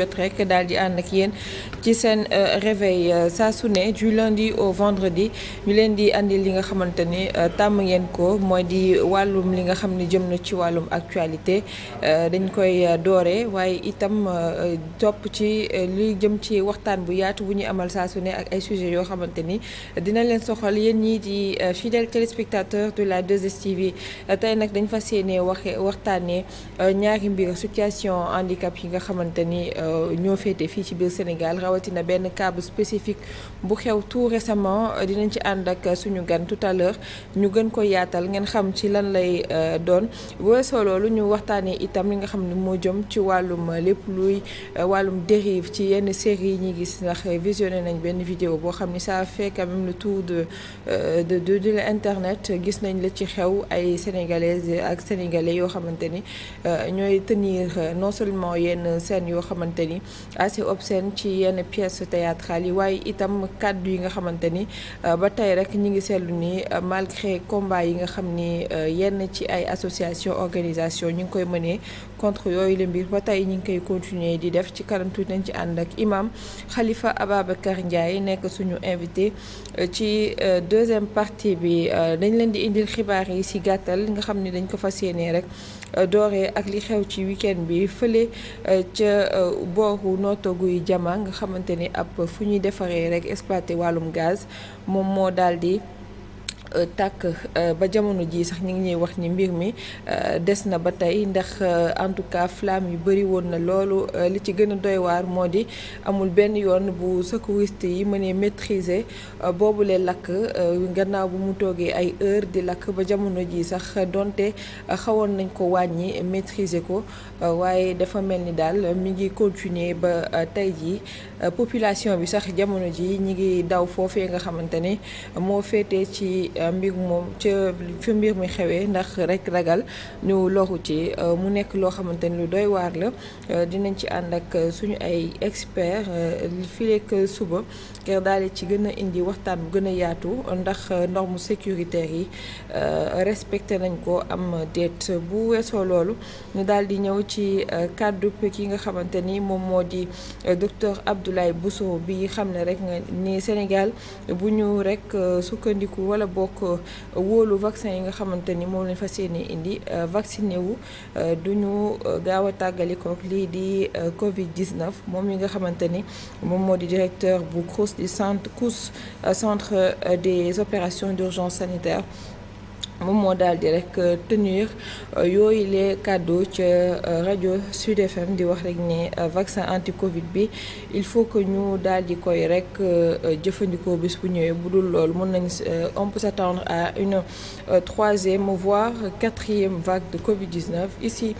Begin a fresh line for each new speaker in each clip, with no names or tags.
jot rek daal di ànd ak yéen ci seen euh, réveil euh, saa su ne du lundi au vendredi ñu leen di andi li nga xamante ni euh, tàmm ngeen ko mooy di wàllum li nga xam ne jëm na ci wàllum actualité dañ koy doore waaye itam topp ci li jëm ci waxtaan bu yaatu bu ñuy amal saa ak ay sujets yoo xamante ni dina leen soxal yéen ñi di fidèle téléspectateur de la 2STV tey nag dañ fa yéene waxe waxtaanee ñaari mbir situation handicap yi nga xamante ñoo féete fii ci biir Sénégal rawatina benn cas bu spécifique bu xew tout récemment dinañ ci ànd ak suñu gan tout à l'heure ñu gën ko yaatal ngeen xam ci lan lay euh, doon weesoo loolu ñu waxtaanee itam li nga xam ne moo jëm ci wàllum euh, lépp luy euh, wàllum dérive ci yenn série yi ñuy gis ndax visionné nañ benn vidéo boo xam ni ça fait quand même le tour de de de de l'internet gis nañ la ci xew ay sénégalaises ak sénégalais yoo xamante ni ñooy tenir non seulement yenn scène yoo xamante xamante ni assez ci yenn pièces théâtrales yi waaye itam kàddu yi nga xamante ni euh, ba tey rek ñi ngi seetlu ni euh, malgré combat yi nga xam ni euh, yenn ci ay association organisation ñu ngi koy mënee contre yooyu la mbir ba tey ñu ngi koy continuer di def ci kanam nañ ci ànd ak imam ababa Ababacar Ndiaye nekk suñu invité ci deuxième partie bi dañ leen di indil xibaar yi ci gàttal nga xam ni dañ ko fa yéenee rek Euh, dooree ak li xew ci week-end bi fële euh, ca euh, booru nootoguy jama nga xamante ni ab fu ñuy defare rek exploité wàllum gaz moom moo daal di Euh, tàkk euh, ba jamono ji sax ñu ngi ñuy wax ni mbir mi euh, des na ba tey ndax en tout cas yu bëri woon na loolu li ci gën a doy moo di amul benn yoon bu secouriste yi mënee maîtriser boobule lakk gannaaw bu mu toogee ay heure di lakk ba jamono ji sax donte xawoon nañ ko wàññi maîtriser ko waaye dafa mel ni daal mu ngi continuer ba tey jii population bi sax jamono ji ñi ngi daw foofee nga xamante ne moo féetee ci Euh, mbir moom ca fi mbir mi xewee ndax rek ragal ñu loru ci euh, mu nekk loo xamante ni lu doy waar la euh, dinañ ci ànd ak suñu ay expert fileek suba ngir daal di ci gën a indi waxtaan bu gën a yaatu ndax norme sécuritaire yi respecté nañ ko am déet bu weesoo loolu ñu daal di ñëw ci kàddu yi nga xamante ni moom moo di docteur Abdoulaye Bousso bi xam ne rek nga ni Sénégal bu ñu rek sukkandiku wala bokk bokk uh, wóolu vaccin yi nga xamante ni moom lañ fa yéene indi uh, vacciné wu uh, du ñu gaaw a tàggali tàggalikook lii di Covid 19 moom yi nga xamante ni moom moo di directeur bu CROUS di centre CROUS centre des opérations d'urgence sanitaire moom moo daal di rek euh, tenir euh, yooyu les kàddu ca euh, rajo Sud FM di wax rek ni vaccin anti Covid bi il faut que ñu daal di koy rek jëfandikoo bis bu ñëwee bu dul lool mën nañ on peut s'attendre à une troisième voire quatrième vague de Covid 19 ici.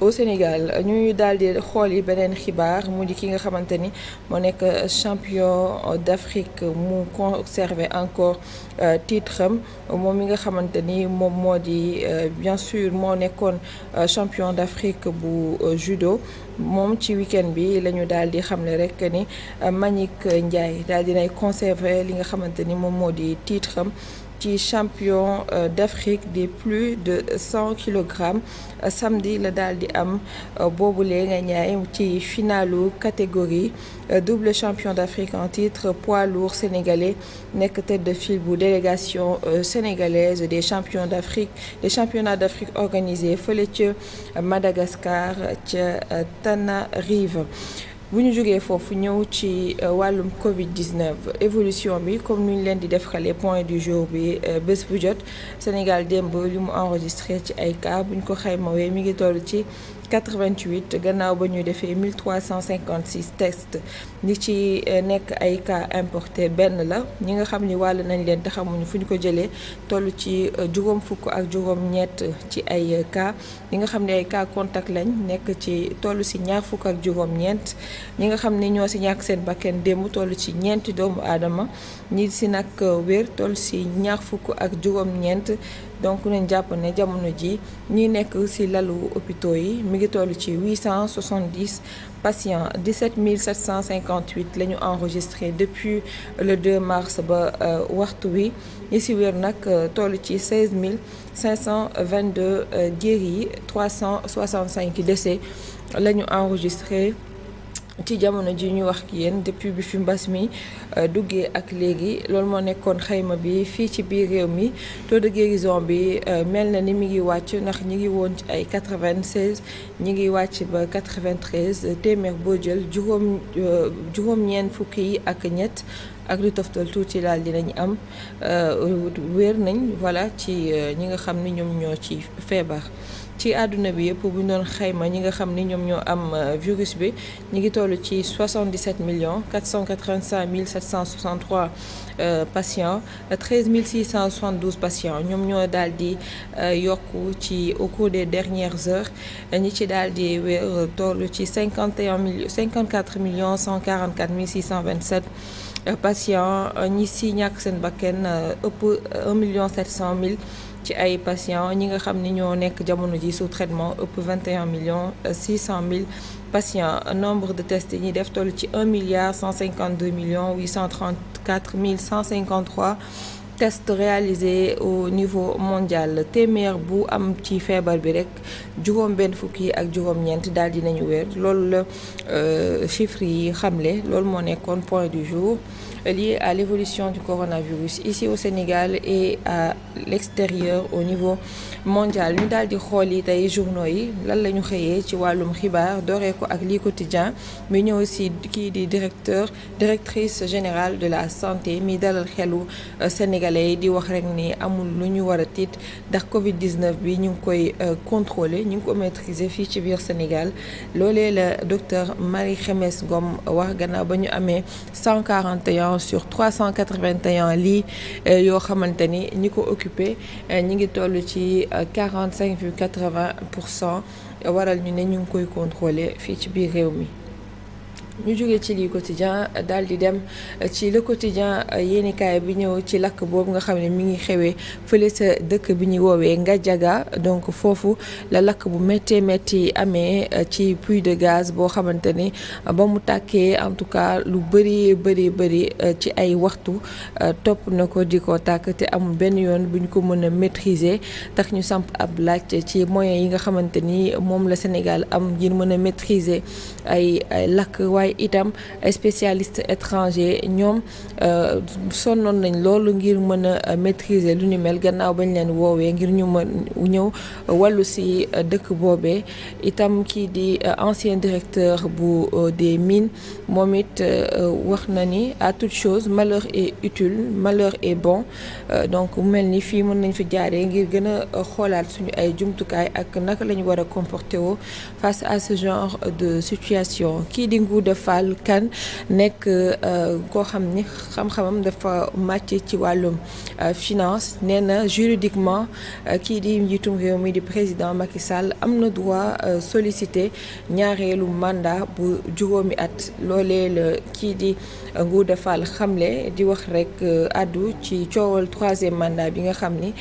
au Sénégal ñuy daal di xool yi beneen xibaar mu di ki nga xamante ni moo nekk champion d'Afrique mu conservé encore euh, titre am moom mi nga xamante ni moom moo di euh, bien sûr moo nekkoon euh, champion d'Afrique bu judo moom ci week-end bi la ñu daal di xamle rek ni Manick Ndiaye daal di nay conservé li nga xamante ni moom moo di titre am ci champion euh, d'Afrique de plus de cent kilogrammes samedi la daal di am euh, boobulee nga ñaay ci finalu catégorie euh, double champion d'Afrique en titre poids lourd sénégalais nekk tête de file bu délégation sénégalaise des champions d'Afrique des championnats d'Afrique organisés fële ca Madagascar ca Tanarive bu ñu jógee foofu ñëw ci euh, wàllum Covid 19 évolution bi comme ni ñu leen di def xale point du jour bi euh, bés bu jot Sénégal démb li mu enregistré ci ay cas bu ñu ko xaymawee mi ngi toll ci. 88 gannaaw ba ñu defee 1356 tests ñi ci eh, nekk ay kaa importé benn la ñi nga xam ni wàll nañ leen te xamuñu fu ñu ko jëlee tollu ci eh, juróom fukk ak juróom ñett ci ay cas ñi nga xam ne ay cas contact lañ nekk ci toll si ñaar fukk ak juróom ñeent ñi nga xam ni ñoo si ñàkk seen bakken démb toll ci ñeenti doomu aadama ñi si nag eh, wér toll si ñaar fukk ak juróom ñeent donc nañ jàpp ne jamono ji ñi nekk ci lalu hôpitaux yi mi ngi toll ci 870 patients 17 758 la ñu enregistré depuis le 2 mars ba euh, waxtu wi ñi ci wér nag euh, toll ci mille vingt 16 522 guéris 365 décès la ñu enregistré ci jamono ji ñu wax ki yéen depuis bi fi mbas mi euh, duggee ak léegi loolu moo nekkoon xayma bi fii ci biir réew mi taux de guérison bi euh, mel na ni mi ngi wàcc ndax ñi ngi woon ci ay vingt 96 ñi ngi wàcc ba 93 téeméer boo jël juróom euh, juróom-ñeent fukki yi ak ñett ak lu toftal tuuti daal dinañ am wér nañ voilà ci ñi nga xam ni ñoom ñoo ci feebar ci àdduna bi yëpp bu ñu doon xayma ñi nga xam ni ñoom ñoo am euh, virus bi ñu ngi toll ci 77 millions 485 mille 763 euh, patients 13 672 patients ñoom ñoo daal di euh, yokku ci au cours des dernières heures ñi ci daal di wér toll ci 51 millions 54 millions 144 mille 627 patients ñi si ñàkk seen bakken ëpp 1 million 700 mille ci ay patients ñi nga xam ni ñoo nekk jamono ji su traitement ëpp 21 millions euh, cent mille patients nombre de tests yi ñuy def toll ci 1 milliard 152 millions 834 mille 153 tests réalisés au niveau mondial téeméer bu am ci feebar bi rekk juróom benn fukki ak juróom-ñeent daal nañu wér loolu la Euh, chiffres yi xamle loolu moo nekkoon point du jour lié à l'évolution du coronavirus ici au Sénégal et à l'extérieur au niveau mondial ñu daal di xool yi tey journaux yi lan la ñu xëyee ci wàllum xibaar dooree ko ak lii quotidien mi ñëw si kii di directeur directrice générale de la santé mi dalal xelu euh, sénégalais yi di wax rek ni amul lu ñu war a tiit ndax Covid 19 bi ñu ngi koy euh, contrôler ñu ngi ko maitriser fii ci biir Sénégal loolee la docteur Marie Xemes Ngom wax gannaaw ba ñu amee 141 sur 381 lits euh, yoo xamante ni ñi ko occupé euh, ñi ngi toll ci 45 euh, virgule 80 pour cent waral ñu ne ñu ngi koy contrôler fii ci biir réew mi. ñu jóge ci lii quotidien daal di dem ci le quotidien yéenekaay bi ñëw ci lakk boobu nga xam ne mi ngi xewee fële sa dëkk bi ñu woowee nga jaga donc foofu la lakk bu méttee métti amee ci puits de gaz boo xamante ni ba mu tàkkee en tout cas lu bëri bëri bëri ci ay waxtu topp na ko di ko tàkk te amul benn yoon bu ñu ko mën a maîtriser tax ñu samp ab laaj ci moyens yi nga xamante ni moom la Sénégal am ngir mën a maîtriser ay lakk waaye waaye itam ay spécialistes étrangers ñoom euh, sonnoon nañ loolu ngir mën a euh, maîtriser lu ni mel gannaaw bañ leen woowee ngir ñu mën ñëw wàllu si euh, dëkk boobee itam kii di ancien directeur bu des mines moom it wax na ni à toute chose malheur est utile malheur est bon donc mel ni fii mën nañ fi jaaree ngir gën a xoolaat suñu ay jumtukaay ak naka lañu war a comporter woo face à ce genre de situation kii di nguur Ibra Fall Kane nekk euh, koo xam ni xam-xamam dafa màcc ci wàllum euh, finance nee na juridiquement euh, kii di njiitum réew mi di président Macky Sall am na droit solicité ñaareelu mandat bu juróomi at loolee kii di Ngouda Fall xamle di wax rek addu ci coowal troisième mandat bi nga xam ni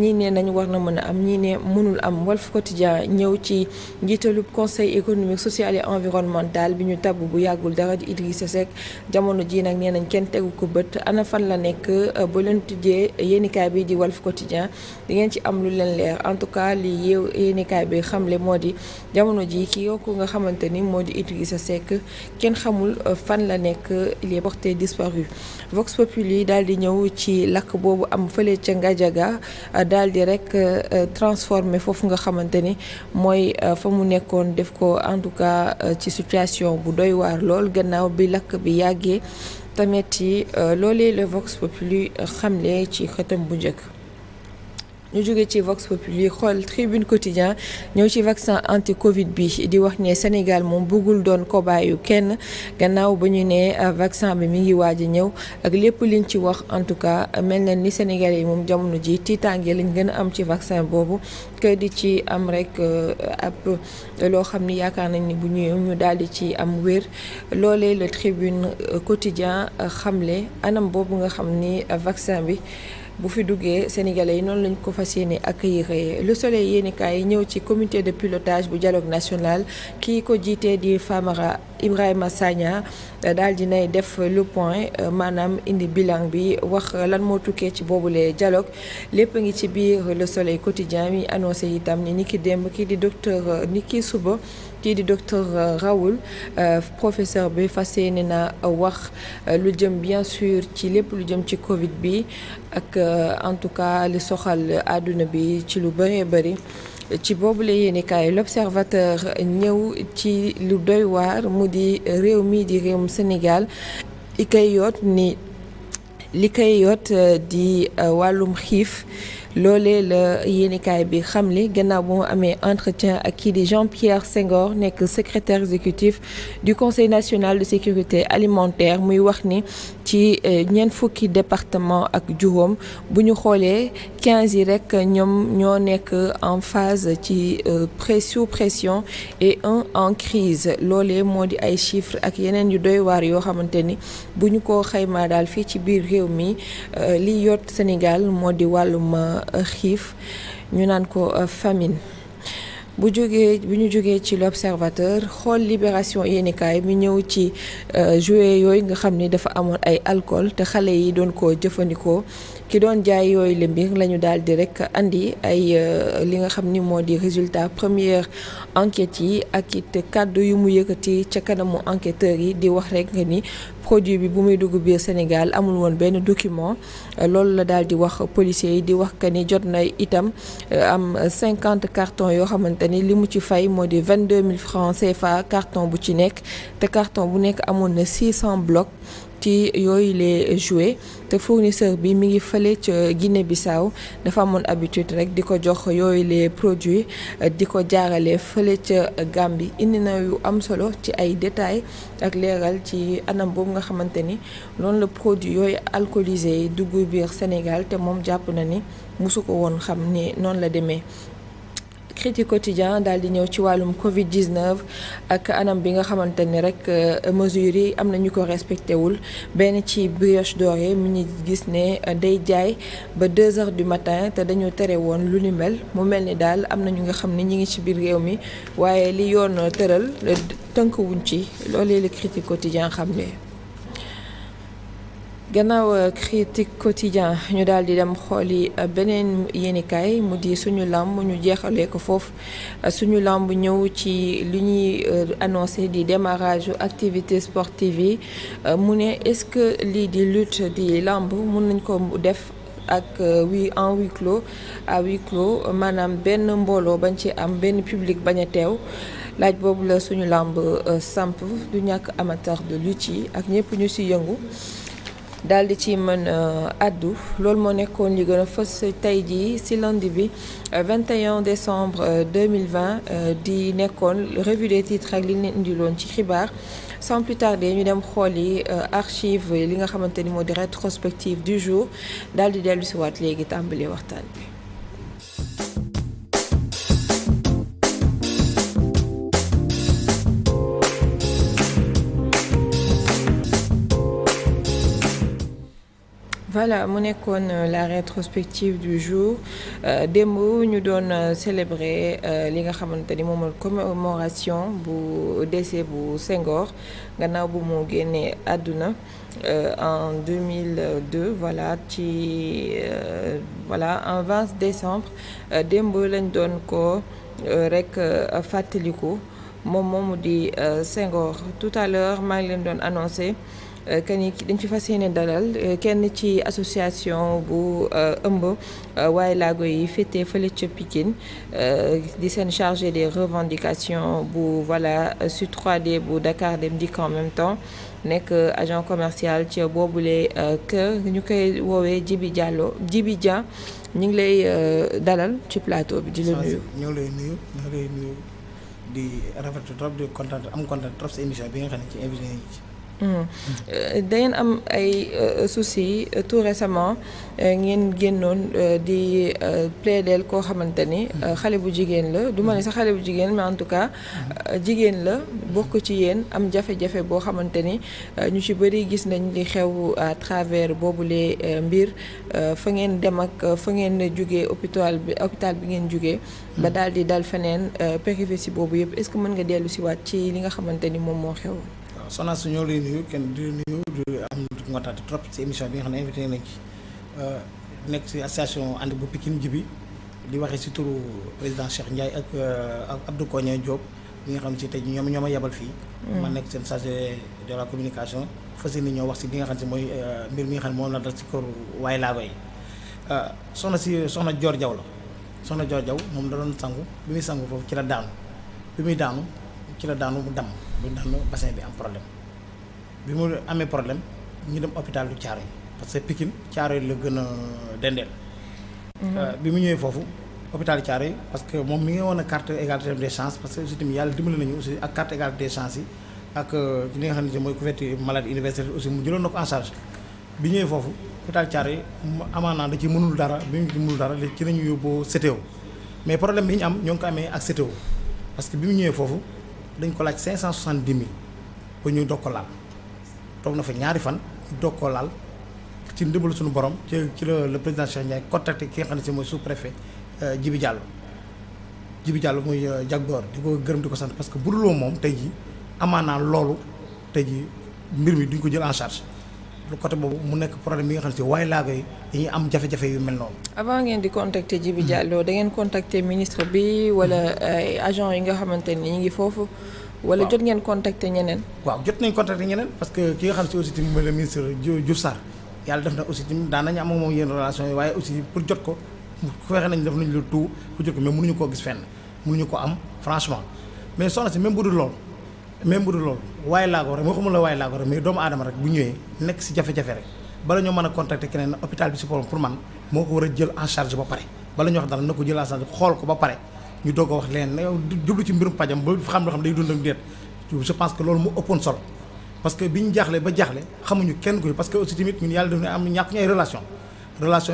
ñii ne nañu war na mën a am ñii ne mënul am Walf Quotidien ñëw ci njiitalu conseil économique social et environnemental bi ñu tabb bu yàggul dara di Idrissa Seck jamono ji nag nee nañ kenn tegu ko bët ana fan la nekk euh, ba leen tijjee bii bi di Walf Quotidien di ngeen ci am lu leen leer en tout cas li yéew yéenikaay bi xamle moo di jamono ji ki yokku nga xamante ni moo di Idrissa Seck kenn xamul euh, fan la nekk il est porté disparu Vox Populi daal di ñëw ci lakk boobu am fële ca euh, daal di rek transformé foofu nga xamante ni mooy fa mu nekkoon def ko en tout cas ci situation bu doy waar lool gannaaw bi lakk bi yàggee tamit yi euh, loolee le Vox Populi euh, xamle ci xëtam bu njëkk ñu jóge ci Vox Populi xool Tribune Quotidien ñëw ci vaccin anti Covid bi di wax ni Sénégal moom bëggul doon kobaayu kenn gannaaw ba ñu nee euh, vaccin bi mi ngi waaj a ñëw ak lépp liñ ci wax en tout cas mel na ni Sénégalais yi moom jamono ji tiitaange lañ gën a am ci vaccin boobu que di ci am rek euh, ab loo xam ni yaakaar nañ ni bu ñëwee ñu daal di ci am wér loolee le Tribune euh, Quotidien xamle anam boobu nga xam ni vaccin bi. bu fi duggee sénégalais yi noonu lañ ko fa fas ak accueillir le soleil yéenekaay ñëw ci commuté de pilotage bu jaloog national kii ko jiitee di Famara Ibrahima Sagna eh, daal di nay def le point eh, maanaam indi bilan bi wax lan moo tukkee ci boobule dialogue lépp a ngi ci biir le soleil quotidien mi annoncé itam ni ni ki démb kii di docteur eh, ni ki suba kii di docteur rawul professeur bi fas yéene na wax lu jëm bien sûr ci lépp lu jëm ci Covid bi ak euh, en tout cas li soxal àdduna bi ci lu bëree bëri ci boobu la yéenekaay l'observateur ñëw ci lu doy waar mu di réew mii di réewum Sénégal i koy yoot ni li koy yoot euh, di euh, wàllum xiif loolee la yéenikaay bi xamle gannaaw bu mu amee entretien ak kii di Jean-Pierre Senghor nekk secretaire exécutif du conseil national de sécurité alimentaire muy wax ni ci eh, ñeent fukki département ak juróom bu ñu xoolee quinze yi rek ñoom ñoo nekk en phase ci euh, sous pression et un en crise loolee moo di ay chiffres ak yeneen yu doy waar yoo xamante ni bu ñu ko xaymaa daal fii ci biir réew mi euh, li yot Sénégal moo di wàllum Euh, xiif ñu naan ko euh, famine bu jógee bu ñu jógee ci l'observateur xool libération yéenikaay mi ñëw ci euh, jouet yooyu nga xam ni dafa amoon ay alcool te xale yi doon ko jëfandikoo ki doon jaay yooyu le mbir la ñu daal di rek andi ay euh, li nga xam ni moo di résultat première enquête yi ak it kàddu yu mu yëkkati ca kanamu enquêteurs yi di wax rek ni produit bi bu muy dugg biir Sénégal amul woon benn document loolu la daal di wax policiers yi di wax que ni jot na itam euh, am 50 cartons yoo xamante ni li mu ci fay moo di vingt 22000 francs CFA carton bu ci nekk te carton bu nekk amoon na 600 blocs. ci yooyu les jouets te fournisseur bi mi ngi fële ca Guinée Bissau dafa amoon abitude rek di ko jox yooyu les produits di ko jaarale fële ca Gambie indi na yu am solo ci ay détails ak leeral ci anam boobu nga xamante ni noonu la produit yooyu alcoolisé yi dugg biir Sénégal te moom jàpp na ni mosu ko woon xam ni noonu la demee. critique quotidien daal di ñëw ci wàllum Covid 19 ak anam bi nga xamante ni rek euh, mesures yi am na ñu ko respecté wul benn ci brioche dorée mu ñu gis ne day jaay ba 2 heures du matin te dañoo tere woon lu ni mel mu mel ni daal am na ñu nga xam ni ñi ngi ci biir réew mi waaye li yoon tëral tënk wuñ ci loolee la critique quotidien xam ne gannaaw euh, critique quotidien ñu daal di dem yi euh, beneen yéenikaay mu di suñu làmb ñu jeexalee ko foofu euh, suñu làmb ñëw ci li ñuy annoncé di démarrage activité sportive yi mu ne est-ce que lii di lutte di làmb mun nañ ko def ak wi en huis clos à huis clos maanaam benn mbooloo bañ ci am benn public bañ a teew laaj boobu la suñu làmb samp du ñàkk amateur de lutte yi ak ñëpp ñu ci yëngu daal di ci mën euh, addu loolu moo nekkoon li gën a fës tey jii si lundi bi 21 euh, décembre 2020 euh, di nekkoon revue des titres ak li ñu indiloon ci xibaar sans plus ñu dem xool yi archive li nga xamante ni moo di rétrospective du jour daal di dellu si waat léegi tàmbali waxtaan bi voilà mu nekkoon euh, la rétrospective du jour euh, démb ñu doon euh, célébrer li nga xamante ni moom mooy commémoration bu décès bu sengor gannaaw bu mu génnee àdduna en 2002 voilà ci voilà en 20 décembre démb lañ doon ko rek fàttaliku moom moomu di sengor tout à l'heure maa ngi leen doon annoncé. Euh, que ni dañ ci fas yéene dalal euh, kenn ci association bu euh, ëmb waaye laago yi féetee fële ca Pikine di seen chargé des revendication bu voilà Sud 3D bu Dakar Dem Dikk en même temps nekk agent commercial ci boobule kër ñu koy woowee Jibi Diallo Jibi ja ñu ngi lay dalal ci plateau bi di la nuyu.
ñoo ngi lay nuyu di rafetlu trop di kontaan am kontaan trop sa émission bi nga xam ne ci invité yi.
da ngeen am ay euh, soucis euh, tout récemment euh, ngeen génnoon di plaidel koo xamante ni xale bu jigéen la du ma ne sax xale bu jigéen mais en tout cas jigéen la bokk ci yéen am jafe-jafe boo xamante ni ñu ci bëri gis nañ di xew à travers boobule mbir fa ngeen dem ak fa ngeen jugee hôpital bi hôpital bi ngeen jugee ba hmm. daal di dal feneen péripétie boobu yëpp est-ce que mën nga dellu si waat ci li nga xamante ni moom moo xew
Sonas ñoo lay nuyu kenn di nuyu di am ngootaati trop ci émission bi nga xam ne invité nañ ci euh, nekk ci association ànd bu Pikine Jibi di waxee ci turu président Cheikh Ndiaye ak euh, ak Abdou Koñe Diop bi nga xam ci tey ñoom ñoo ma yebal fii. Mm. ma nekk seen chargé de communication fas yéene ñoo wax ci li nga xam ne mooy euh, mbir mi nga xam ne moom la dal ci kër waaye laa bay soxna si soxna joor Diaw la soxna joor jaw moom da doon sangu bi muy sangu foofu ci la daanu bi muy daanu ci la daanu mu damm. bu ndax bassin bi am ñu dem hôpital du Thiaroye parce que Pikine Thiaroye la gën a dendeel mhm. euh, bi mu ñëwee foofu hôpital Thiaroye parce que moom mi ngi woon a carte égalité des que aussi tamit yàlla dimbali euh, nga xam ne mooy couverture maladie universelle aussi mu jëloon na ko en charge bi ñëwee foofu hôpital Thiaroye naa da ci mënul dara bi mu ci mënul dara ci nañu yóbboo CTO mais problème bi ñu am ñoo ngi ko amee ak CTO parce que bi mu ñëwee foofu dañ ko laaj cinq cent soixante dix mille ba ñu ko laal toog na fa ñaari fan ñu doog ko laal ci ndimbalu suñu borom ci ci la le président Cheikh Ndiaye contacté ki ne si mooy sous préfet euh, Djibi Diallo Djibi Diallo muy euh, jagdoor di ko gërëm di ko sant parce que bu dul moom tey jii amaanaa loolu tey ji mbir mi duñ ko jël en charge côté boobu mu nekk problème bi nga xam si waaye laa koy dañuy am jafe-jafe yu mel noonu.
avant ngeen di contacter Djibi Diallo da ngeen ministre bi wala
agent yi nga xamante ni ñu ngi foofu.
wala jot ngeen contacter ñeneen.
waaw jot nañ contacter ñeneen parce que ki nga xam si aussi tamit mooy le ministre Diouf Sarr yàlla def na aussi tamit daan nañu am ak moom yenn relation waaye aussi pour jot ko fexe nañ def nañ lu tout pour jot ko mais koo gis fenn mënuñu ko am franchement mais soxna même bu dul loolu waaye laa rek moo xamul la waaye laa ko rek mais doomu aadama rek bu ñëwee nekk si jafe-jafe rek bala ñoo mën a contacter keneen hôpital bi si pour man moo ko war a jël en ba pare bala ñu wax dara na ko jël en charge xool ko ba pare ñu doog a wax leen yow jublu ci mbirum pajam ba xam loo xam day dund ak déet je pense que loolu mu ëppoon solo parce que bi ñu jaaxle ba jaaxle xamuñu kenn ko parce que aussi tamit ñun yàlla def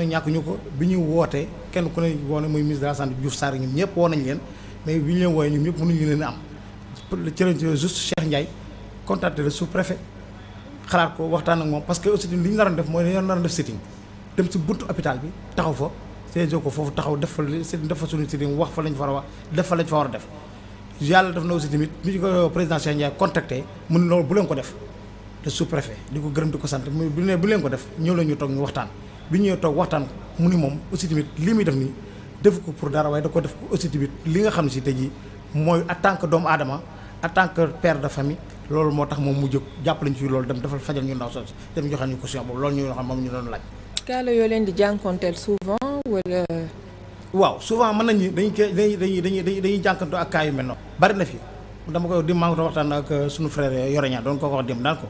kenn ku ne woone muy ministre de la woo nañ leen leen am ci lañ ci juste Cheikh Ndiaye contacté le sous-préfet xalaat ko waxtaan ak moom parce que aussi li ñu naroon def mooy dañoo naroon def sitting dem si buntu hôpital bi taxaw fa séddoo ko foofu taxaw def fa def fa suñu sitting wax fa lañ fa war a wax def fa lañ fa war a def yàlla def na aussi tamit bi ñu ko président Cheikh Ndiaye contacté mu ne bu leen ko def le sous-préfet ko gërëm ko sant mu bu leen ko def ñëw la ñu toog ñu waxtaan bi ñëwee toog waxtaan mu ni moom aussi tamit lii muy def nii def ko pour dara waay da ko def aussi li nga xam si tey jii mooy tant que doomu aadama en tant que per de famille loolu moo tax moom mu jóg jàppale ñu ci loolu dem defal fajal ñu ndaw soosu dem joxal ñu caution boobu loolu ñu yoo xam moom ñu doon laaj. kaala waaw souvent mën nañu dañuy dañuy dañuy dañuy dañuy jànkontoo ak cas yu mel noonu. bari na fi dama koy dim maa ngi doon waxtaan ak euh, sunu frère Yoro Niang ko wax dem daan ko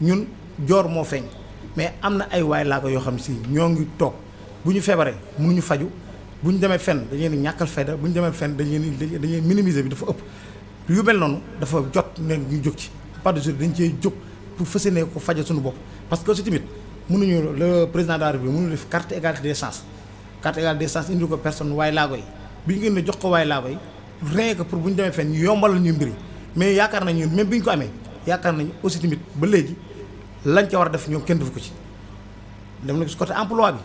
ñun joor moo feeñ mais am na ay waay laa ko yoo xam si ñoo ngi toog bu ñu feebaree ñu faju bu ñu demee fen dañu ñàkkal fayda bu ñu demee fenn dañu leen minimiser bi dafa ëpp yu mel noonu dafa jot ne ñu jóg ci pas de jour dañ cee jóg pour fas yéene ko faje suñu bopp parce que aussi tamit mënuñu le président de la République mënuñu def carte égalité des chances carte égalité des chances indi ko personne waaye laago yi bi ñu génne jox ko waaye laago yi rien que pour bu ñu demee fenn ñu yombalal ñu mbiri mais yaakaar nañ ñun même ko amee yaakaar nañ aussi tamit ba léegi lañ ca war a def ñoom kenn def ko ci dem na ci côté emploi bi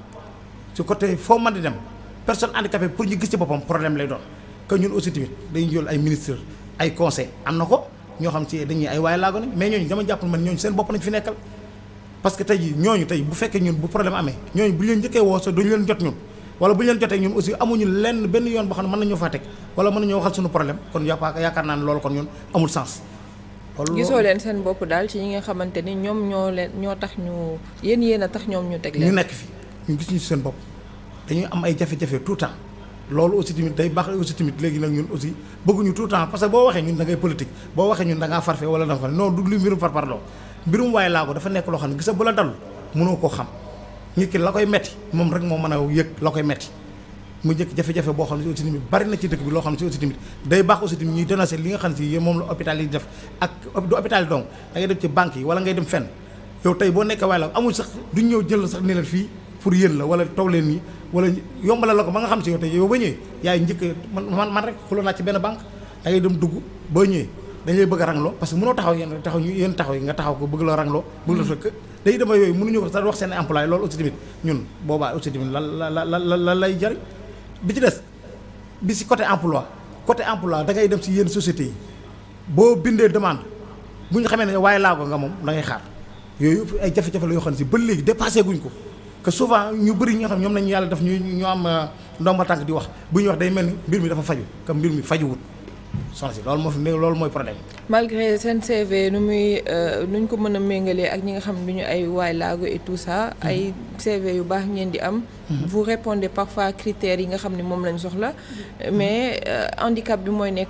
ci côté foo mën di dem personne e pour ñu gis ci boppam problème lay doon ñun aussi tamit dañuy jël ay ministres ay conseil am na ko ñoo xam ci dañuy ay waaye laa nañ mais ñooñu dama jàpp man ñooñu seen bopp nañ fi nekkal parce que tey jii ñooñu tey bu fekkee ñun bu problème amee ñooñu bu ñu leen njëkkee woo so duñu leen jot ñun wala aussi amuñu lenn benn yoon boo xam ne mën nañoo faa teg wala mën nañoo waxal suñu problème kon yaakaar naa ne loolu kon ñun amul sens gisoo leen
seen bopp daal ci ñi nga xamante ni ñoom ñoo ñoo tax ñu yéen yéen a tax ñoom ñu teg leen ñu nekk
fii ñu gis ñu seen bopp dañuy am ay jafe-jafe tout temps loolu aussi tamit day baax aussi tamit léegi nag ñun aussi bëgguñu tout temps parce que boo waxee ñun da ngay politique boo waxee ñun da ngaa farfe wala da nga fa non du lu mbirum farparloo mbirum waaye dafa nekk loo xam ne gisa bu la dal mënoo koo xam nit ki la koy metti moom rek moo mën a yëg la koy metti mu njëkk jafe-jafe boo xam ne si aussi tamit bari na ci dëkk bi loo xam ne si aussi tamit day baax aussi tamit ñuy dénoncer li nga xam ne si moom wala ngay dem fenn yow tey boo nekkee waaye amul sax duñ ñëw jël sax ni leen fii pour yéen la wala toog leen nii wala yombalal la ko ba nga xam si yow tey yow ba ñëwee yaay njëkk man man rek xuloo naa ci benn banque da ngay dem dugg ba ñëwee dañ lay bëgg a rangloo parce que mënoo taxaw yéen taxaw ñu yéen taxaw yi nga taxaw ko bëgg la rangloo bëgg la fekk day dama yooyu mënuñu ko sax wax seen employé loolu aussi tamit ñun boobaa aussi tamit lan la lay jariñ bi ci des bi si côté emploi côté emploi da ngay dem si yenn société yi boo bindee demande bu ñu xamee ne waaye laa ko nga moom da ngay xaar yooyu ay jafe-jafe la yoo xam ne si ba léegi dépassé guñ ko que souvent ñu bëri ñoo xam ñoom nañu yàlla daf ñu ñu am euh, ndomba tànk di wax bu ñu wax day mel ni mbir mi dafa faju comme mbir mi fajuwut soxna si loolu moo fi loolu mooy problème
malgré seen CV nu muy euh, nuñ ko mën a méngalee ak ñi nga xam ne ñu ay waay laago et tout ça mhm. ay CV yu baax ngeen di am mhm. vous répondez parfois critères yi nga xam ne moom lañ soxla mhm. mais euh, handicap bi mooy nekk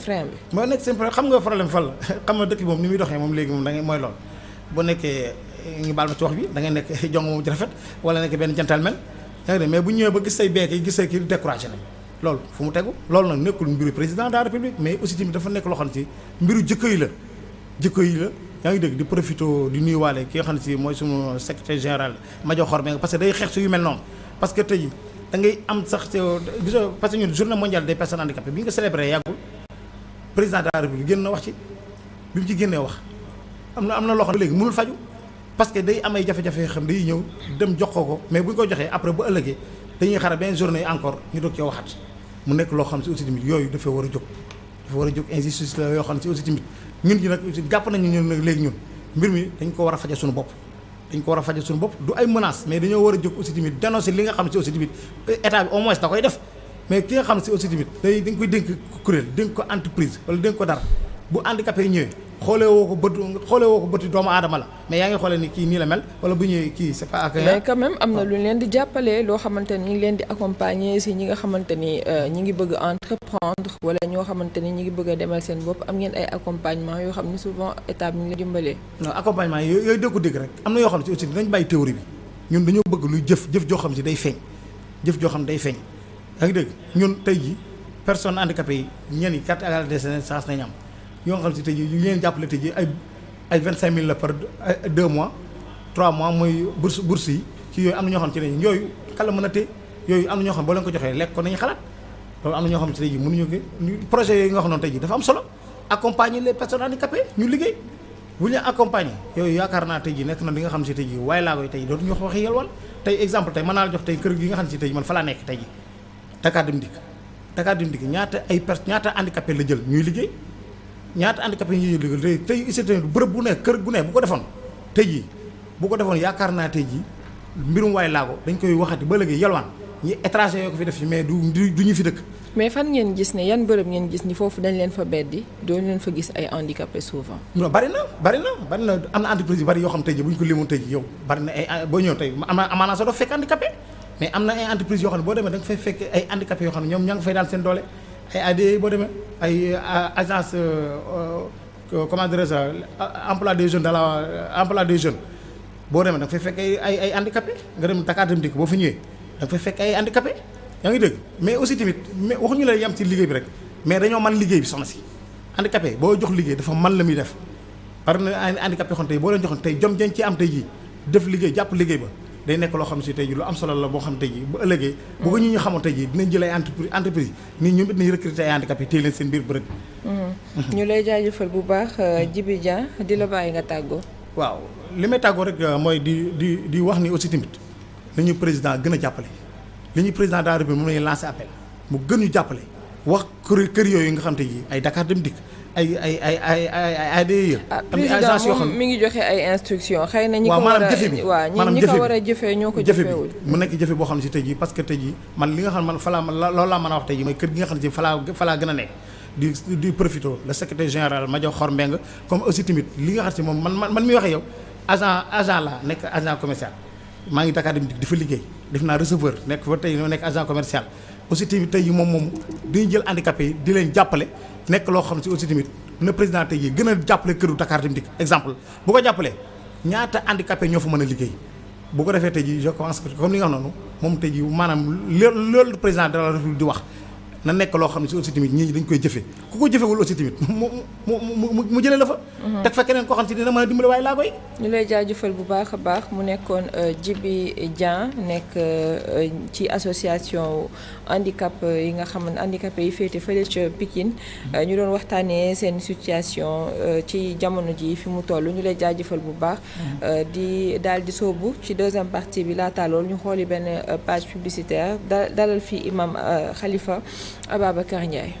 frein
bi mooy nekk seen problème xam nga problème fan la xam nga dëkk moom ni muy doxee moom léegi moom da ngay mooy lool bu nekkee ngi baal ma ci wax bi da ngay nekk jong moom ci rafet wala nekk benn gentleman yaa ngi mais bu ñëwee ba gis say beek yi gis say kii découragé nañ loolu fu mu tegu loolu nag nekkul mbiru président de république mais aussi tamit dafa nekk loo xam ne ci mbiru la jikko ngi dégg di profité di nuyuwaale ki nga xam ne si mooy suñu secrétaire général Madio Xor nga parce que day xeex si yu mel noonu parce que tey ngay am sax gis parce que ñun journée mondiale des personnes handicapées bi ñu ko yàggul président de république génn na wax ci bi mu ci génnee wax am na am na loo léegi mënul faju parce que day am ay jafe-jafe yoo xam day ñëw dem jox ko ko mais bu ñu ko joxee après bu ëllëgee dañuy xaar benn journée encore ñu doog cee waxat mu nekk loo xam si aussi tamit yooyu dafay war a jóg dafa war a jóg injustice la yoo xam si aussi tamit ñun ñi nag jàpp nañu ñun nag léegi ñun ko war a faje suñu bopp dañ ko war bopp du ay menace mais dañoo war a jóg aussi tamit dénoncer li nga xam si aussi tamit état bi au moins da koy def mais ki nga xam si aussi tamit day dañ koy dénk kuréel dénk ko entreprise wala dénk ko dara bu handicapé ñëwee xoolee woo ko bët xoolee woo ko bëti doomu aadama la mais yaa ngi xoolee ni kii nii la mel wala bu ñëwee kii c'est pas accueillant mais quand
même am na lu ñu leen di jàppale loo xamante ni ñu ngi leen di accompagner si ñi nga xamante ni euh, ñi ngi bëgg entreprendre wala ñoo xamante ni ñi ngi bëgg a demal seen bopp am ngeen ay accompagnement yoo xam ni souvent état bi ñu la dimbalee
non accompagnement yi yooyu dëkku dégg rek am na yoo xam ne aussi dinañ bàyyi théorie bi ñun dañoo bëgg luy jëf jëf joo xam si day feeñ jëf joo xam day feeñ yaa ngi dégg ñun tey ji personne handicapé yi ñenn yi carte d'identité nañ am yoo xam si tey jii ñu leen jàppale tey jii ay ay vingt cinq mille la par deux mois trois yooyu ñoo xam ci ne yooyu kala mën a té ko joxee lekk ko nañu ñoo xam ne tey jii mënuñu ko projet yooyu tey jii dafa am solo accompagner les yooyu yaakaar naa tey jii nekk na li nga xam si tey jii waaye laa koy tey dootuñu wax waxi yelwal tey exemple tey mën tey kër gi nga xam si tey man fa laa nekk tey jii Dakar Dem Dikk ñaata ay per ñaata handicapé la jël ñuy liggéey ñaata handicapé yi ñu liggéey tey tey UCTM ne kër gu ne bu ko defoon tey yaakaar naa tey jii mbirum waay laago koy waxati ba léegi ñu fi dëkk.
mais fan ngeen gis ne gis ni foofu dañ leen fa beddi doo leen fa gis ay handicapé souvent.
non bari na bari na bari na am na entreprise yoo xam tey jii bu ñu ko limoon tey jii bari na ay boo ñëw tey am na amaanaa sax doo fekk handicapé mais am na ay entreprise yoo xam ne boo demee da fekk ay yoo xam ne ñoom ña nga fay daal seen doole ay ADE boo demee ay euh, agence euh, euh, comment dirais je emploi des jeunes dans la emploi des jeunes boo demee da fekk ay ay ay handicapé nga dem Dakar dem dikk boo fi ñëwee da fekk ay handicapé yaa ngi dégg mais aussi tamit mais waxuñu la yem si liggéey bi rek mais dañoo mën liggéey bi soxna si handicapé boo jox liggéey dafa man la muy def par na handicapé xon tey boo leen joxoon tey jom jën ci am tey jii def liggéey jàpp liggéey ba day nekk loo xam ne si tey ji lu am solo la boo xam tey ji bu ëllëgee bu ko ñu ñu xamoon tey ji dinañ jël ay entreprise entreprise nii ñoom it nañ recruter ay handicapés téye leen seen biir bërëb
mm-hmm. ñu lay jaajëfal bu baax euh, Djiby Dia di la bàyyi nga tàggoo
waaw li may tàggoo rek euh, mooy di di di wax ni aussi tamit nañu président gën a jàppale li ñu président de la République moom lañuy lancé appel mu gën ñu jàppale wax kër kër yooyu nga xam te ji ay Dakar dem dikk ay ay ay ay ay ay ay day ah, agence yoo xam ne mi
ngi joxe ay instructions xëy na ñi ko war a waaw ñi ko a jëfee ñoo ko jëfewul
mu nekk jëfe boo xam ne si tey jii parce que tey jii man li nga xam ne man falaa loolu laa mën a wax tey jii mooy kër gi nga xam ne si falaa falaa gën a nekk di di profité le secrétaire général ma jox xor mbeng comme aussi tamit li nga xam si moom man man man miy waxee yow agent agent la nekk agent commercial maa ngi Dakar di fa liggéey def naa receveur nekk fa tey ñoo nekk agent commercial aussi tamit tey yi moom moom dañuy jël handicapé yi di leen jàppale nekk loo xam si aussi tamit na président tey yi gën a jàppale këru Dakar Dem Dikk exemple bu ko jàppalee ñaata handicapé ñoo fa mën a liggéey bu ko defee tey jii je pense que comme li nga xam noonu moom tey jii maanaam loolu président de la di wax na nekk loo xam ne si aussi tamit ñii dañ koy jëfee ku ko jëfewul aussi tamit mu mu mu mu jëlee la fa. Mhm. teg fa keneen koo xam si dina a dimbali waaye laa koy.
ñu baax a baax mu nekkoon euh, Djibi Dieng nekk euh, ci association handicap euh, yi nga xam ne handicapé yi féete fële ca Pikine mm-hmm. euh, ñu doon waxtaanee seen situation euh, ci jamono ji fi mu toll ñu lay jaajëfal bu baax mm-hmm. di daal di soobu ci deuxième partie bi laata loolu ñu xooli benn page publicitaire dalal fi imam Khalifa Ababacar Ndiaye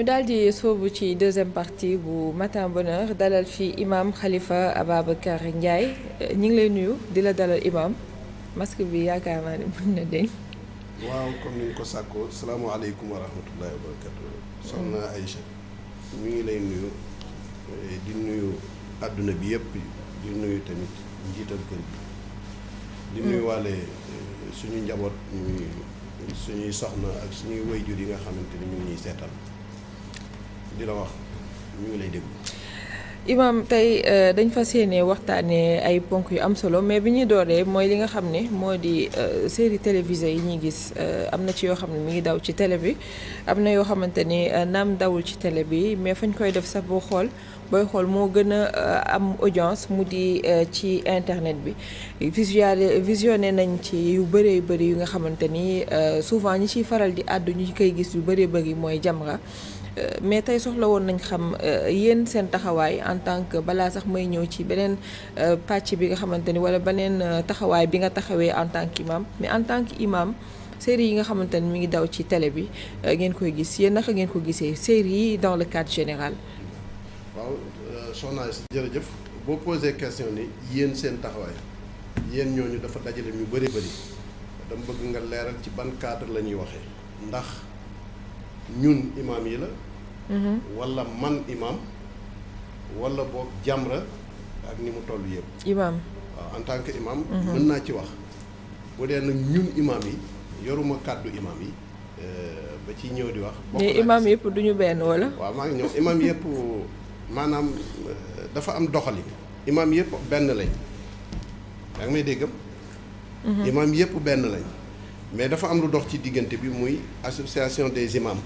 ñu daal di soobu ci deuxième partie bu matin bonheur dalal fi imam xalifa Ababacar Ndiaye ñu ngi lay nuyu di la dalal imam masque bi yaakaar naa ne mën na deñ
waaw comme ni ñu ko sàkkoo salaamaaleykum wa rahmatullahi wa barakatu ngi lay nuyu eh, di nuyu àdduna bi yëpp di nuyu tamit njiital kër bi di mm. nuyu waale eh, suñu njaboot ñuy soxna ak suñuy wayjur yi nga xamante ni ñu ngi ñuy seetal
di la wax
Imaam tey euh, dañ fa yéene waxtaanee ay ponk yu am solo mais bi ñuy dooree mooy li nga xam ne moo di euh, série télévisée yi ñuy gis euh, am na ci yoo xam ne mi ngi daw ci télé bi am na yoo xamante ni naam dawul ci télé bi mais fañ koy def sax boo xool. booy xool moo gën a am audience mu di ci internet bi visual visionné nañ ci yu bëree bëri yu nga xamante ni souvent ñi ciy faral di àddu ñu koy gis yu bëree bëri mooy Jamra Euh, mais tey soxla woon nañ xam euh, yéen seen taxawaay en tant que balaa sax may ñëw ci beneen euh, pàcc bi nga xamante ni wala beneen taxawaay bi nga taxawee en tant que imam mais en tant que imam série yi nga xamante ni mi ngi daw ci tele bi ngeen koy gis yéen naka ngeen ko gisee série yi dans le cadre général.
waaw soxna si jërëjëf boo posé question ni yéen seen taxawaay yéen ñooñu dafa dajale ñu bëri bëri dama bëgg nga leeral ci ban cadre la ñuy waxee ndax. ñun imam yi la mm-hmm. wala man imaam wala boog jamra ak ni mu toll yëpp imaam waaw en tant que imaam mm-hmm. mën naa ci wax bu dee nag ñun imaam yi yoruma kàddu imaam yi euh, ba ci ñëw di wax mais
imaam yëpp du ñu benn wala
waaw maa ngi ñëw euh, dafa am doxalin imaam yëpp benn lañ yaa may déggam mm-hmm. imaam yëpp benn lañ mais dafa am lu dox ci diggante bi muy association des imams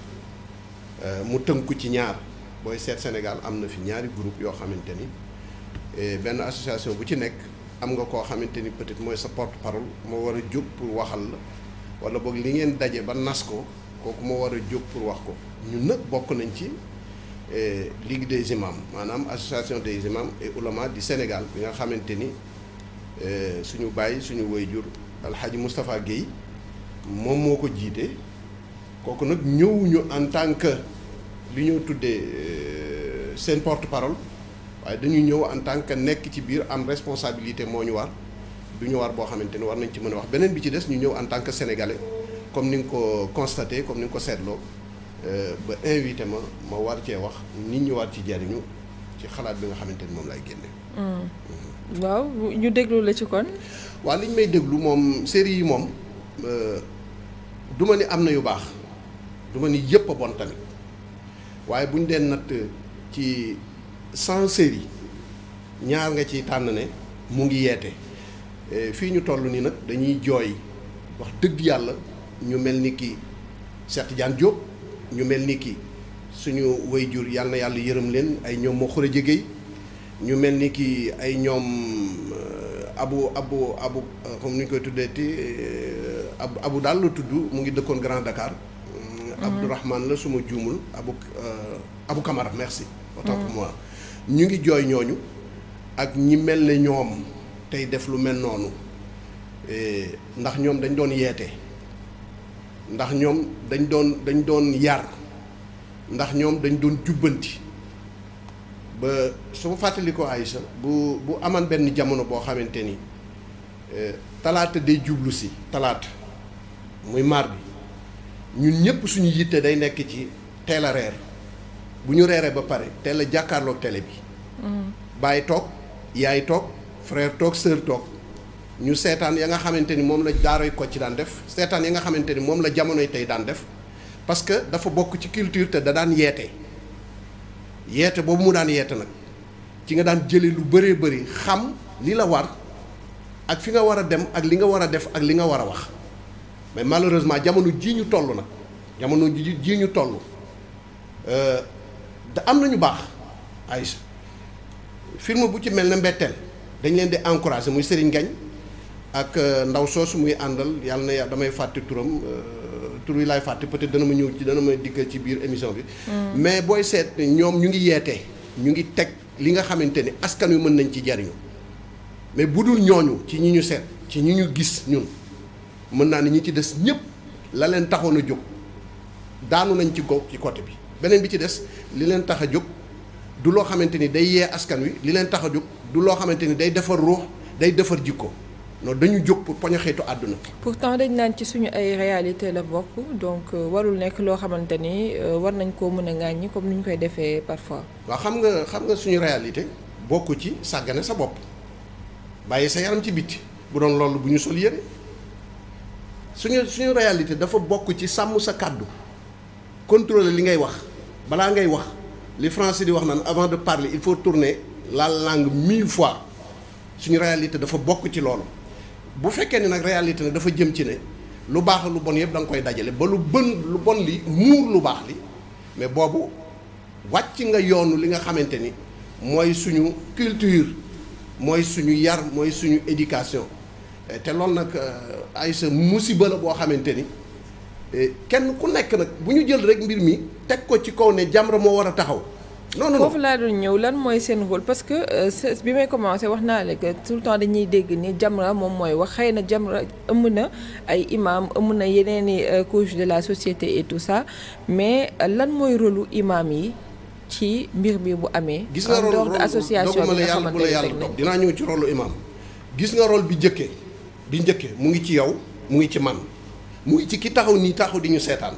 Euh, mu tënku ci ñaar booy seet Sénégal am na fi ñaari groupe yoo xamante ni eh, benn association bu ci nekk am nga koo xamante ni peut-être mooy sa port parole moo war a jóg pour waxal la wala boog li ngeen daje ba nas ko kooku moo war a jóg pour wax ko ñun nag bokk nañ ci eh, ligue des imams maanaam association des imams et oulémas du Sénégal bi nga xamante ni eh, suñu bàyyi suñu wayjur alxaji Moustapha Guèye moom moo ko jiite kooku nag ñëwuñu en tant que li ñoo tuddee euh, seen porte parole waaye dañu ñëw en tant que nekk ci biir am responsabilité moo ñu war du ñu war boo xamante ni war nañ ci mën a wax beneen bi ci des ñu ñëw en tant que sénégalais comme ni nga ko constaté comme ni nga ko seetloo euh, ba invité ma ma war cee wax nit ñi war ci jariñu ci xalaat bi nga xamante ni moom laay génne.
Mm.
waaw ñu déglu la ci kon. waa liñ may déglu moom série yi moom euh, du ma ni am na yu baax du ma ni yëpp a bon tamit. waaye bu ñu dee natt ci cent séries ñaar nga ci tànn ne mu ngi yeete e, fii ñu toll nii nag dañuy jooy wax dëgg yàlla ñu mel ni ki Cheikh Tidiane Diop ñu mel ni ki suñu jur yàlla yàlla yërëm leen ay ñoom moo xore jege ñu mel ni ki ay ñoom euh, abu abu abu euh, comme ni ñu koy tuddee ti euh, abu daal la tudd mu ngi dëkkoon Grand Dakar Abdourahmane mhm. la suma juumul abu euh, abu merci autant pour mhm. moi ñu ngi jooy ñooñu ak ñi mel ne ñoom tey def lu mel noonu ndax ñoom dañ doon yeete ndax ñoom dañ doon dañ doon yar ndax ñoom dañ doon jubbanti ba su ma fàttali ko Aïcha bu bu aman benn jamono boo xamante ni euh, talaata day jublu si talaata muy mardi ñun ñëpp suñu yitte day nekk ci teel a reer bu ñu reeree ba pare teel a jàkkaarloo télé bi. Mm. bàyyi toog yaay toog frère toog sœur toog ñu seetaan ya nga xamante ni moom la daaroy ko ci daan def seetaan ya nga xamante ni moom la jamonoy tey daan def parce que dafa bokk ci culture te da daan yeete yeete boobu mu daan yeete nag ci nga daan jële lu bëree bëri xam li la war ak fi nga war a dem ak li nga war a def ak li nga war a wax. mais malheureusement jamono jii ñu toll nag jamono ji ji ñu toll euh, da am ñu baax ay film bu ci mel na mbetteel dañ leen di encourager muy Serigne gañ ak euh, ndaw soosu muy àndal yàlla na damay fàtte turam euh, tur yi laay fàtte peut-être dana ma ñëw ci dana ma diggal ci biir émission bi. Mm. mais booy seet ñoom ñu ngi yeete ñu ngi teg li nga xamante ni askan wi mën nañ ci jariñu mais bu dul ñooñu ci ñi ñu seet ci ñu ñu gis ñun. mën naa ne ñi ci des ñëpp la leen taxoon a jóg daanu nañ ci kaw ci côté bi beneen bi ci des li leen tax a jóg du loo xamante ni day yee askan wi li leen tax a jóg du loo xamante ni day defar ruux day defar jikko non dañu jóg pour poño xeetu àdduna.
pourtant dañ naan ci suñu ay réalité la bokk donc euh, warul nekk loo xamante ni euh, war nañ koo mën a ŋàññi comme ni ñu koy defee parfois.
waaw xam nga xam nga suñu réalité bokk ci sàggane sa bopp bàyyi sa yaram ci bitti bu doon loolu bu ñu sol yëre. suñu suñu réalité dafa bokk ci sàmm sa kàddu contrôler li ngay wax balaa ngay wax li français di wax naan avant de parler il faut tourner la langue mille fois suñu réalité dafa bokk ci loolu bu fekkee ni nag réalité nag dafa jëm ci ne lu baax lu bon yëpp da nga koy dajale ba lu bën lu bon li muur lu baax li mais boobu wàcc nga yoonu li nga xamante ni mooy suñu culture mooy suñu yar mooy suñu éducation Eh, te loolu nag eh, ay sa musiba la boo xamante ni eh, kenn ku nekk nag bu ñu jël rek mbir mi teg ko ci kaw ne Jamra moo war a taxaw. non non
laa doon ñëw lan mooy seen rôle parce que bi may commencé wax naa la que tout le temps dañuy dégg nii Jamra moom mooy wax xëy na Jamra ëmb na ay imaam ëmb na yeneen i couche de la société et tout ça mais lan mooy rôle lu imam yi ci mbir mi bu amee. gis nga rôle association bi nga xamante ne
dinaa ñëw ci rolu lu gis nga rôle bi jëkkee. bi njëkke mu ngi ci yow mu ngi ci man mu ngi ci ki taxaw ni taxaw di ñu seetaan.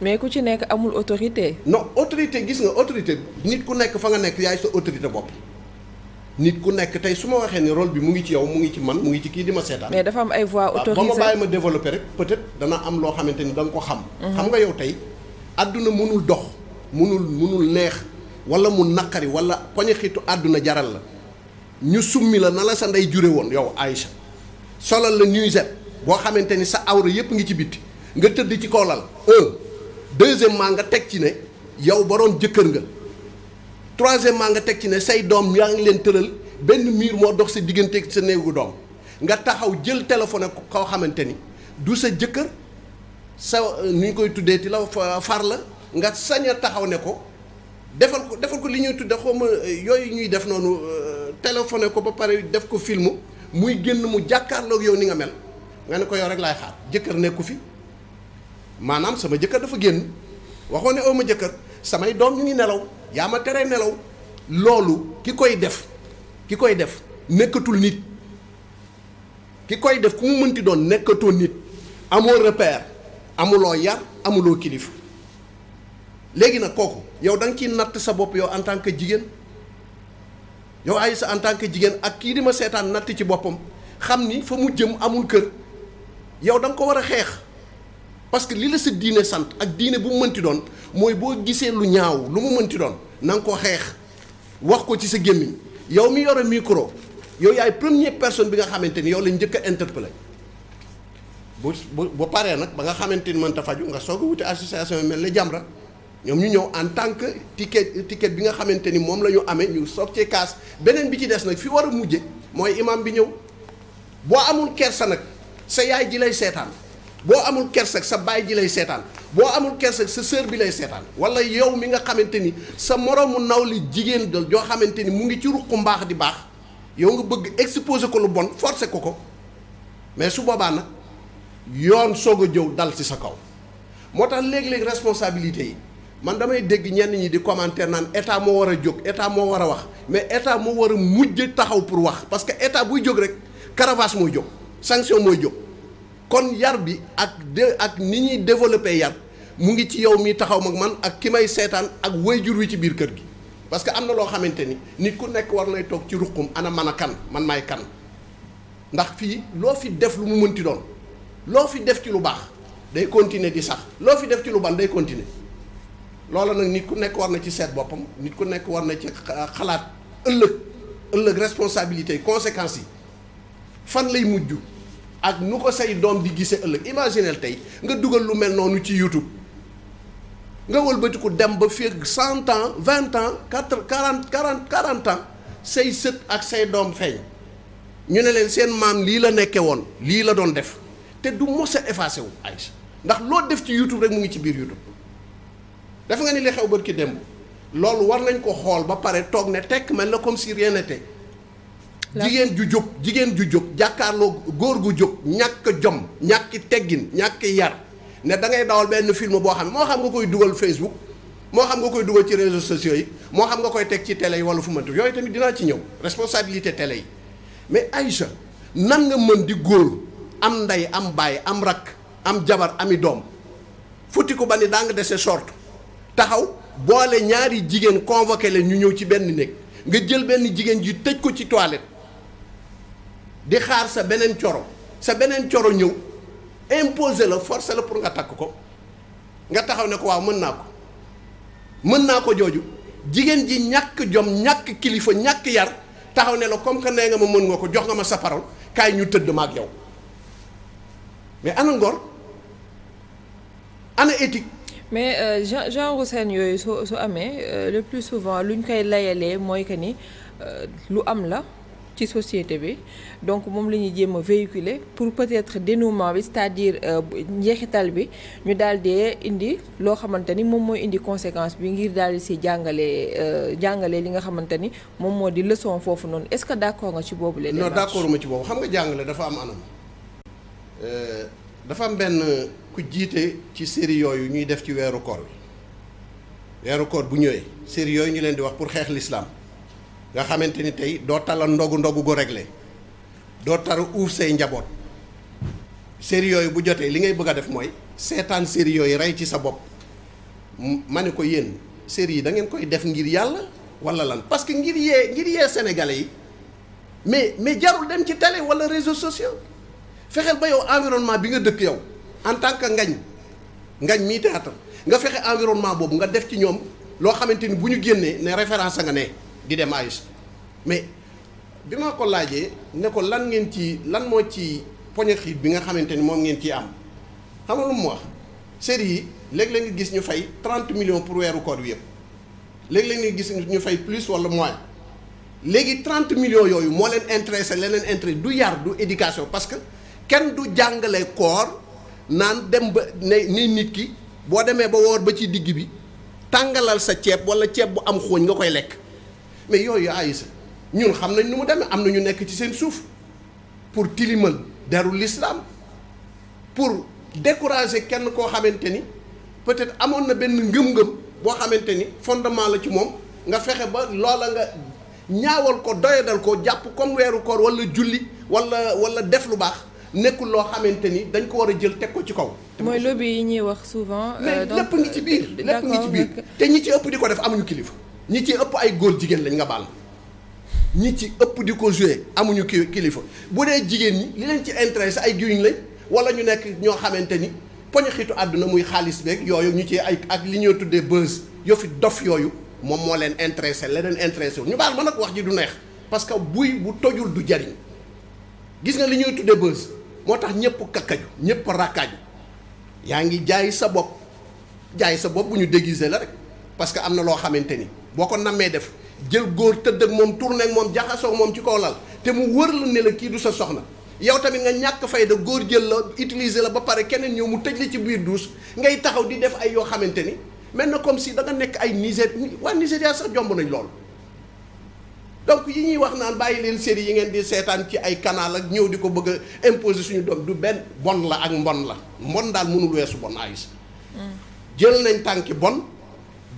mais ku ci nekk amul autorité. non
autorité gis nga autorité nit ku nekk fa nga nekk yaay sa autorité bopp. nit ku nekk tey su ma waxee ni rôle bi mu ngi ci yow mu ngi ci man mu ngi ci kii di ma seetaan. mais
dafa am ay voix autorisées ba ma bàyyi ma
développé rek peut-être dana am loo xamante ni danga ko xam. Mhm. xam nga yow tey àdduna mënul dox mënul mënul neex walla mu naqari wala poñe xiitu àdduna jaral la ñu summi la na la sa ndey jure woon yow Aïcha. solal la nuisette boo xamante ni sa awra yëpp ngi ci bitti nga tëdd ci kaw lal un deuxièmement nga teg ci ne yow boroom jëkkër nga maa nga teg ci ne say doom yaa ngi leen tëral benn mur moo dox sa diggante sa néegu doom nga taxaw jël téléphone koo xamante ni du sa jëkkër sa euh, nu ñu koy tuddee ti la far la nga sañ a taxaw ne ko defal ko defal ko li ñuy tudde xaw ma euh, yooyu ñuy def noonu euh, téléphoné ko ba pare def ko filmu muy génn mu jàkkaarloog yow ni nga mel nga ne ko yow rek laay xaar jëkkër nekku fi maanaam sama jëkkër dafa génn waxoo ne aw ma jëkkër samay doom ñu ngi nelaw yaa ma teree nelaw loolu ki koy def ki koy def nekkatul nit ki koy def ku mu mënti doon nekkatoo nit amoo repère amuloo yar amuloo kilifa léegi nag kooku yow da nga ciy natt sa bopp yow en tant que jigéen. yow sa en tant que jigéen ak kii di ma seetaan natt ci boppam xam ni fa mu jëm amul kër yow danga ko war a xeex parce que li la sa diine sant ak diine bu mu mënti doon mooy boo gisee lu ñaaw lu mu mënti doon nanga nga ko xeex wax ko ci sa gémmiñ yow mi yore micro yow yaay première personne bi nga xamante ni yow lañ njëkk a interpellé bu bu ba paree nag ba nga xamante ni mënta faju nga soog a wuti association yi mel ne Jamra ñoom ñu ñëw en tant que ticket ticket bi nga xamante ni moom la ñu amee ñu soog kaas beneen bi ci des nag fi war a mujje mooy imam bi ñëw boo amul kersa nag sa yaay ji lay seetaan boo amul kersa sa baay ji lay seetaan boo amul kersa sa sœur bi lay seetaan wala yow mi nga xamante ni sa moroomu naw li jigéen dal joo xamante ni mu ngi ci ruq mbaax di baax yow nga bëgg exposer ko lu bon forcer ko ko mais su boobaa nag yoon soog a jëw dal ci sa kaw moo tax léeg-léeg responsabilité yi man damay dégg ñenn ñi di commentaire naan état moo war a jóg état moo war a wax mais état moo war a mujj taxaw pour wax parce que état buy jóg rek caravage mooy jóg sanction mooy jóg kon yar bi ak de ak ni ñuy développé yar mu ngi ci yow mi taxaw mag man ak ki may seetaan ak wayjur wi ci biir kër gi parce que am na loo xamante ni nit ku nekk war nay toog ci ruqum ana man a kan man maay kan ndax fii loo fi def lu mu mënti doon loo fi def ci lu baax day continuer di sax loo fi def ci lu day continuer loola nag nit ku nekk war na ci seet boppam nit ku nekk war na ci xalaat ëllëg ëllëg responsabilité yi conséquences yi fan lay mujj ak nu ko say doom di gisee ëllëg imaginel tey nga dugal lu mel noonu ci YouTube nga wëlbatiku dem ba fii ak cent ans vingt ans quatre quarante quarante quarante ans say sët ak say doom feeñ ñu ne leen seen maam lii la nekke woon lii la doon def te du mos a effacé wu ay ndax loo def ci YouTube rek mu ngi ci biir YouTube def nga ni li xew bët ki démb loolu war nañ ko xool ba pare toog ne tekk mel na comme si rien n'était jigéen ju jóg jigéen ju jóg jàkkaarloo góor gu jóg ñàkk jom ñàkk teggin ñàkk yar ne da ngay dawal benn film boo xam ne moo xam nga koy dugal Facebook moo xam nga koy dugal ci réseaux sociaux yi moo xam nga koy teg ci télé yi wala fu ma tudd yooyu tamit dinaa ci ñëw responsabilité télé yi mais Aïcha nan nga mën di góor am nday am baay am rakk am jabar ami doom futti ko ba ni daa nga dese sorte taxaw boole ñaari jigéen convoqué leen ñu ñëw ci benn néeg nga jël benn jigéen ji tëj ko ci toilet di xaar sa beneen coro sa beneen coro ñëw imposer la forcer la pour nga takk ko nga taxaw ne ko waaw mën naa ko mën naa ko jooju jigéen ji ñàkk jom ñàkk kilifa ñàkk yar taxaw ne la comme que nee nga ma mën nga ko jox nga ma sa parole kaay ñu tëdd ma ak yow mais ana ngor
ana étik mais euh, genre seen yooyu su su amee euh, le plus souvent lu ñu koy layalee mooy que ni euh, lu am la ci société bi donc moom la ñuy jéem a véhiculer pour peut-être dénouement bi c'est-à-dire njeexital bi ñu daal di indi loo xamante ni moom mooy indi conséquence bi ngir daal di si jàngale jàngale li nga xamante ni moom moo di leçon foofu noonu est-ce que d'accord nga ci boobu la. non d'accord ma ci
boobu xam nga jàngale dafa am anam. dafa am benn ku jiite ci série yooyu ñuy def ci weeru koor bi weeru koor bu ñëwee série yooyu ñu leen di wax pour xeex l'islam nga xamante ni tey doo tala ndogu ndogu go réglé doo taru uuf say njaboot série yooyu bu jotee li ngay bëgg a def mooy seetaan série yooyu rey ci sa bopp ma ne ko yéen série yi da ngeen koy def ngir yàlla wala lan parce que ngir yee ngir yee sénégalais yi mais mais jarul dem ci télé wala réseau sociaux fexeel ba yow environnement bi nga dëkk yow en tant que ngañ ngañ mii théâtre nga fexe environnement boobu nga def ci ñoom loo xamante ni bu ñu génnee ne référence nga ne di dem ayus mais bi ma ko laajee ne ko lan ngeen ci lan moo ci poñe xiit bi nga xamante ni moom ngeen ciy am xam nga lu mu wax série yi léegi léeg nga gis ñu fay trente millions pour weeru koor bi yëpp léeg-léeg nga gis ñu fay plus wala moins léegi 30 million yooyu moo leen intéressé leneen intéressé du yar du éducation parce que kenn du jàngale koor naan dem ba ne ni nit ki boo demee ba woor ba ci digg bi tàngalal sa ceeb wala ceeb bu am xooñ nga koy lekk mais yooyu ayisa ñun xam nañ ni mu demee am na ñu nekk ci seen suuf pour tilimal deru l'islam pour décourager kenn koo xamante ni peut-être amoon na benn ngëm-ngëm boo xamante ni fondement la ci moom nga fexe ba loola nga ñaawal ko doyadal ko jàpp comme weeru koor wala julli wala wala def lu baax nekkul loo xamante ni dañ ko war a jël teg ko ci kaw. mooy
lobby yi ñuy wax souvent. Euh, mais lépp ngi ci biir lépp ngi ci biir
te ñi ci ëpp di ko def amuñu kilifa. ñi ci ëpp ay góor jigéen lañ nga baal ñi ci ëpp di ko joué amuñu ki kilifa bu dee jigéen ñi li ci intéressé ay giwuñ lañ wala ñu nekk ñoo xamante ni poñu xiitu àdduna muy xaalis beeg yooyu ñu ci ay ak li ñoo tuddee buzz yoo fi dof yooyu moom moo leen intéressé leneen intéressé wu ñu baal ma nag wax ji du neex parce que buy bu tojul du jariñ gis nga li ñuy tuddee buzz. moo tax ñëpp kakkaju ñëpp rakkaaju yaa ngi jaay sa bopp jaay sa bopp bu ñu déguiser la rek parce que am na loo xamante ni boo ko nammee def jël góor tëdd ak moom tourné ak moom jaxasoo moom ci kaw lal te mu wër la ne la kii du sa soxna yow tamit nga ñàkk fayda góor jël la utiliser la ba pare keneen ñëw mu tëj la ci biir douche ngay taxaw di def ay yoo xamante ni mel na comme si da nekk ay Niger waa Nigéria sax jomb nañ loolu donc yi ñuy wax naan bàyyi leen série yi ngeen di seetaan ci ay canal ak ñëw di ko bëgg a suñu doom du benn bon la ak mbon la mbon daal mënul weesu bon ayis jël nañ tànki bon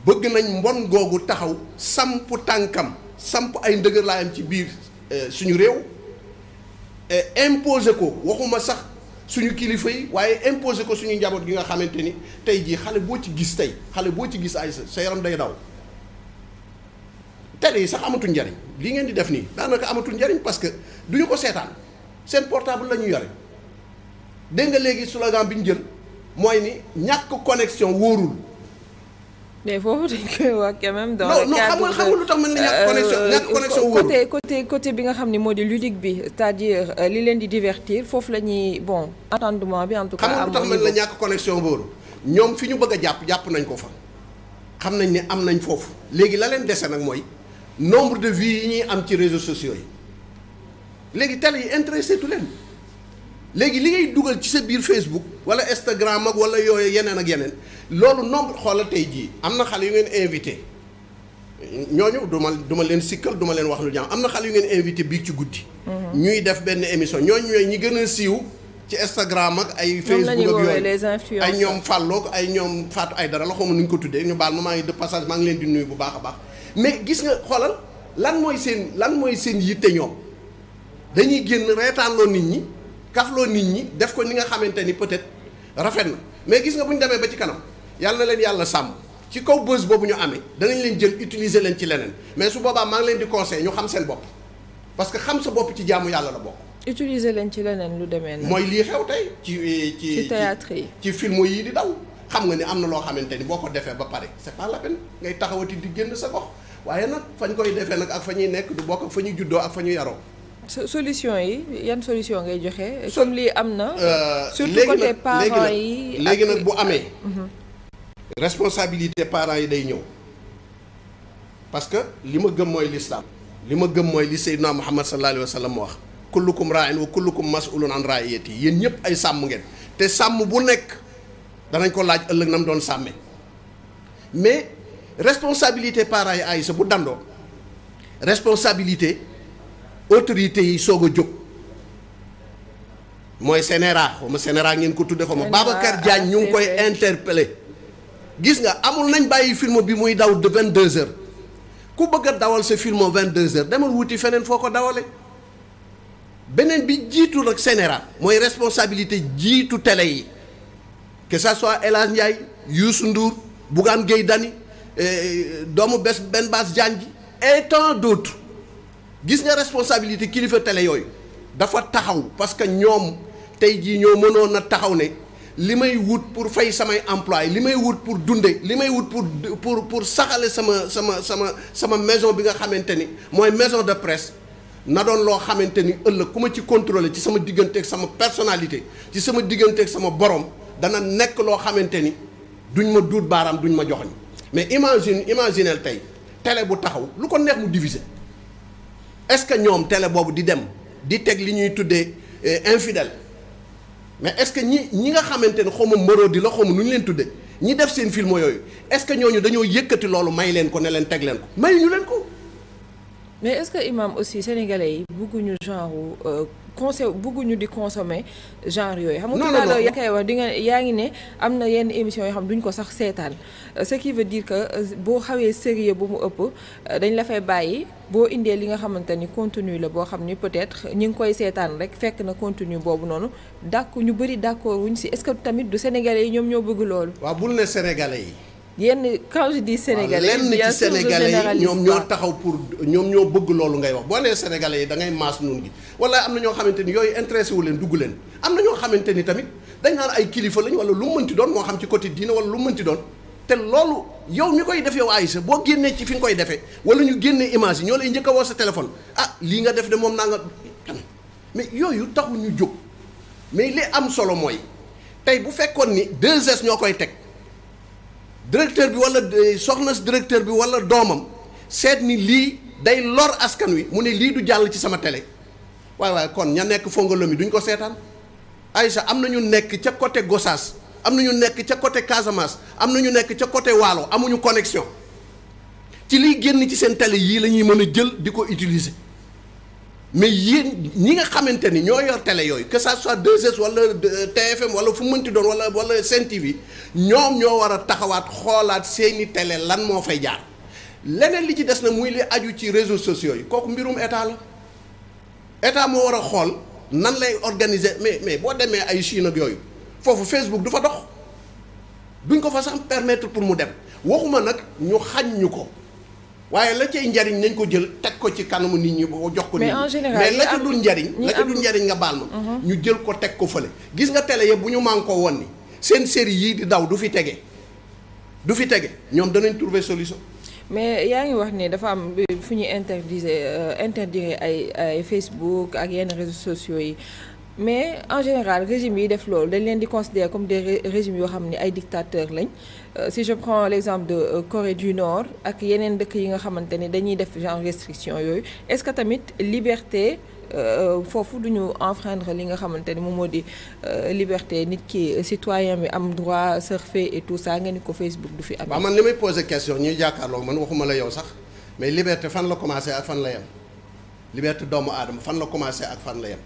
bëgg nañ mbon googu taxaw samp tànkam samp ay ndëgër ci biir euh, suñu réew euh, imposer ko waxuma sax suñu kilifa yi waaye imposer ko suñu njaboot gi nga xamante ni tey jii xale boo ci gis tey xale boo ci gis ayisa sa yaram day daw télé yi sax amatul njariñ li ngeen di def nii daanaka amatul njariñ parce que du ñu ko seetaan seen portable la ñu yore dégg nga léegi slogan bi ñu jël mooy ni ñàkk connexion wóorul. mais foofu dañ koy wax quand même. dans
non xam nga xam lu tax mën na euh, ñàkk connexion ñàkk côté côté bi nga xam ni moo di ludique bi cest à euh, li leen di divertir foofu la ñuy bon. entendement bi en tout cas. xam nga lu tax mën na
ñàkk connexion wóorul ñoom fi ñu bëgg a jàpp jàpp nañ ko fa xam nañ ne am nañ foofu léegi la leen dese nag mooy. nombre de vie yi ñuy am ci réseau sociaux yi léegi télé yi intéressé tu leen léegi li ngay dugal ci sa biir Facebook wala Instagram ak wala yooyu yeneen ak yeneen loolu nombre xoolal tey jii am na xale yu ngeen invité ñooñu duma duma leen sikkal duma leen wax lu jàmm am na xale yu ngeen invité biig ci guddi. Mhm. ñuy def benn émission ñooñu ñooy ñi gën a siiw ci Instagram ak ay. Facebook ak yooyu ay ñoom Fallou ak ay ñoom Fatou Aïdara la xaw nu ñu ko tuddee ñu baal ma maa ngi bu baax baax. mais gis nga xoolal lan mooy seen lan mooy seen yitte ñoom dañuy génn reetaanloo nit ñi kafloo nit ñi def ko ni nga xamante ni peut-être rafet na mais gis nga bu ñu demee ba ci kanam yàlla na leen yàlla sàmm ci kaw bës boobu ñu amee danañ leen jël utiliser leen ci leneen mais su boobaa maa ngi leen di conseil ñu xam seen bopp parce que xam sa bopp ci jàmm yàlla la bokk.
utiliser leen ci leneen lu demee nag. mooy lii
xew tey ci ci ci théâtre yi ci film yi di daw. xam nga ni am na loo xamante ni boo ko defee ba pare c'est pas la peine ngay taxawati di génn sa gox waaye nag fañ koy defee nag ak fa ñuy nekk du bokk ak fa ñuy juddoo ak fa ñu yaroo. solution
yi yan solution ngay joxe. comme lii am na. Euh, surtout côté parents yi
léegi nag bu amee. Mhm. responsabilité parents yi day ñëw parce que li ma gëm mooy l'islam li ma gëm mooy li Seydina Muhammad sallallahu alayhi wa sallam wax kullukum ra'in wa kullukum mas'ulun an ra'iyati yéen ñëpp ay sàmm ngeen te sàmm bu nekk danañ ko laaj ëllëg nam doon sàmmee mais responsabilité parents yi ASC bu dandoo responsabilité autorité yi soog a jóg mooy CNRA xaw ma CNRA ngeen ko tudde xaw ma Babacar Diagne ñu ngi koy interpellé gis nga amul nañ bàyyi film bi muy daw de vingt deux heures ku bëgg dawal sa filmo vingt deux heures demal wuti feneen foo ko dawale beneen bi jiitu nag CNRA mooy responsabilité jiitu tele yi que ça soit El Hadj Ndiaye Youssou Ndour Bougane Gueye Eh, doomu bés benn baas jaan ji et tant gis nga responsabilité kilifa télé yooyu dafa taxaw parce que ñoom tey jii ñoo mënoon a taxaw ne li may wut pour fay samay employé li may wut pour dunde li may wut pour pour pour saxale sama sama sama sama maison bi nga xamante ni mooy maison de presse na doon loo xamante ni ëllëg ku ma ci contrôler ci sama diggante ak sama personnalité ci sama diggante ak sama borom dana nekk loo xamante ni duñ ma duut baaraam duñ ma joxoñ mais imagine imaginel tey télé bu taxaw lu ko neex mu diviser est-ce que ñoom tele boobu di dem di teg li ñuy tuddee euh, infidèle mais est-ce que ñi ñi nga xamante ne xaw ma moroodi la xaw ma nu ñu leen tuddee ñi def seen film yooyu est-ce que ñooñu dañoo yëkkati loolu may leen ko ne leen teg leen ko
may ñu leen ko. mais est-ce que imam aussi sénégalais yi bëgguñu genre. Euh, conse bëgguñu di consommer genre yooyu xam nga tout à l'heure yaa koy wax di nga yaa ngi ne am na yenn émission yoo xam duñ ko sax seetaan ce qui veut dire que euh, boo xawee sérieux bu mu ëpp euh, dañ la fay bàyyi boo indee li nga xamante ni contenu la boo xam ni peut-être ñi ngi koy seetaan rek fekk na contenu boobu noonu d'accord ñu bëri d'accord wuñ si est-ce que tamit du sénégalais yi ñoom ñoo bëgg loolu waaw bul ne sénégalais yi yenn quand je dis sénégalais lenn ci sénégalais yi ñoom
ñoo taxaw pour ñoom ñoo bëgg loolu ngay wax boo nee sénégalais yi da ngay maas noonu gi wala am na ñoo xamante ni yooyu intéressé wu leen dugg leen am ñoo xamante ni tamit dañ naan ay kilifa lañ wala lu mënti doon moo xam ci côté diine wala lu mënti doon te loolu yow mi koy defee yow Aïssa boo génnee ci fi nga koy defe wala ñu génnee image yi ñoo lay njëkk a woo sa téléphone ah lii nga def de moom naa nga mais yooyu taxu ñu jóg mais li am solo mooy tey bu fekkoon ni 2S ñoo koy teg directeur bi wala soxna directeur bi wala doomam seet ni lii day lor askan wi mu ne lii du jàll ci sama tele waaye waaye kon ña nekk fongolo mi duñ ko seetaan Aïcha am na ñu nekk ca côté Gossas am na ñu nekk ca côté Casamance am na ñu nekk ca côté Waalo amuñu connexion ci liy génn ci seen télé yii la ñuy mën a jël di ko utiliser. mais yi ñi nga xamante ni ñoo yor télé yooyu que ça soit 2S wala TFM wala fu ti doon wala wala Sen TV ñoom ñoo war a taxawaat xoolaat seeni tele lan moo fay jaar leneen li ci des na muy li aju ci réseaux sociaux yi kooku mbirum état la état moo war a xool nan lay organiser mais mais boo demee ay Chine ak yooyu foofu Facebook du fa dox duñ ko fa sax permettre pour mu dem waxuma nag ñu xañ ñu ko waaye la cay njariñ nañ ko jël teg ko ci kanamu nit ñi boo jox ko nit ñi mais en général mais la ca dul njariñ la ca dul njariñ nga baal ma mhm. ñu jël ko teg ko fële gis nga télé yëpp bu ñu man ko woon ni seen série yii di daw du fi tege du fi tege ñoom danañ trouver solution
mais yaa ngi wax ni dafa am fu ñuy interdire euh, interdire ay ay Facebook ak yenn réseaux sociaux yi mais en général régime yi def loolu dañ leen di considérer comme des régimes yoo xam ni ay dictateurs lañ euh, si je prends l'exemple de euh, Corée du Nord ak yeneen dëkk yi nga xamante ne dañuy def genre restriction yooyu est-ce que tamit liberté euh, foofu duñu ñu li nga xamante ne moom moo di liberté nit ki citoyen bi am droit surfer et tout ça nga ni ko Facebook du fi am. waaw man
li may poser question ñuy jàkkaarloo man waxuma la yow sax mais liberté fan la commencé ak fan la yem liberté doomu aadama fan la commencé ak fan la yem.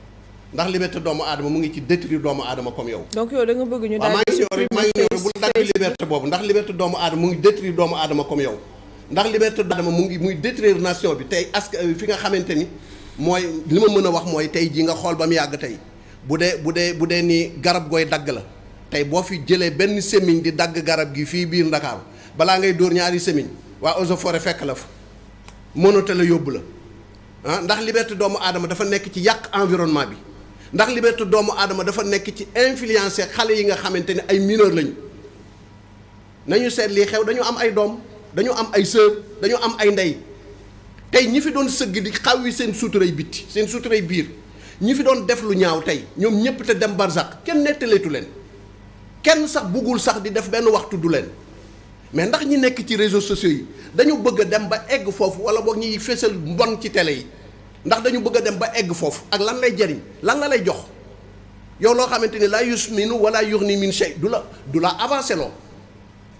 ndax liberté doomu aadama mu ngi ci détruire doomu aadama comme yow. donc bëgg ñu maa ngi ñëw maa ngi ñëw bu dagg liberté boobu ndax liberté doomu aadama mu ngi détruire doomu aadama yow ndax liberté doomu aadama mu ngi muy détruire nation bi tey askan fi nga xamante ni mooy li ma mën a wax mooy tey jii nga xool ba mu yàgg tey bu dee bu dee bu dee nii garab gooy dagg la tey boo fi jëlee benn semiñ di dagg garab gi fii biir Ndakaaru balaa ngay dóor ñaari semiñ waa eaux et fekk la fa mënate la yóbbu la ah ndax liberté doomu aadama dafa nekk ci yàq environnement bi ndax liberté doomu aadama dafa nekk ci influencé xale yi nga xamante ne ay mineur lañu nañu seet lii xew dañu am ay doom dañu am ay sœur dañu am ay ndey tey ñi fi doon sëgg di xaw yi seen suuturay bitti seen suuturay biir ñi fi doon def lu ñaaw tey ñoom ñëpp te dem barzak kenn nettaleetu leen kenn sax buggul sax di def benn waxtu du leen mais ndax ñi nekk ci réseau sociaux yi dañu bëgg dem ba egg foofu wala boog ñuy fésal mbon ci tele yi ndax dañu bëgg a dem ba egg foofu ak lan lay jariñ lan la lay jox yow loo xamante ni laa yusminu wala yughni min shay du la du la avancé loo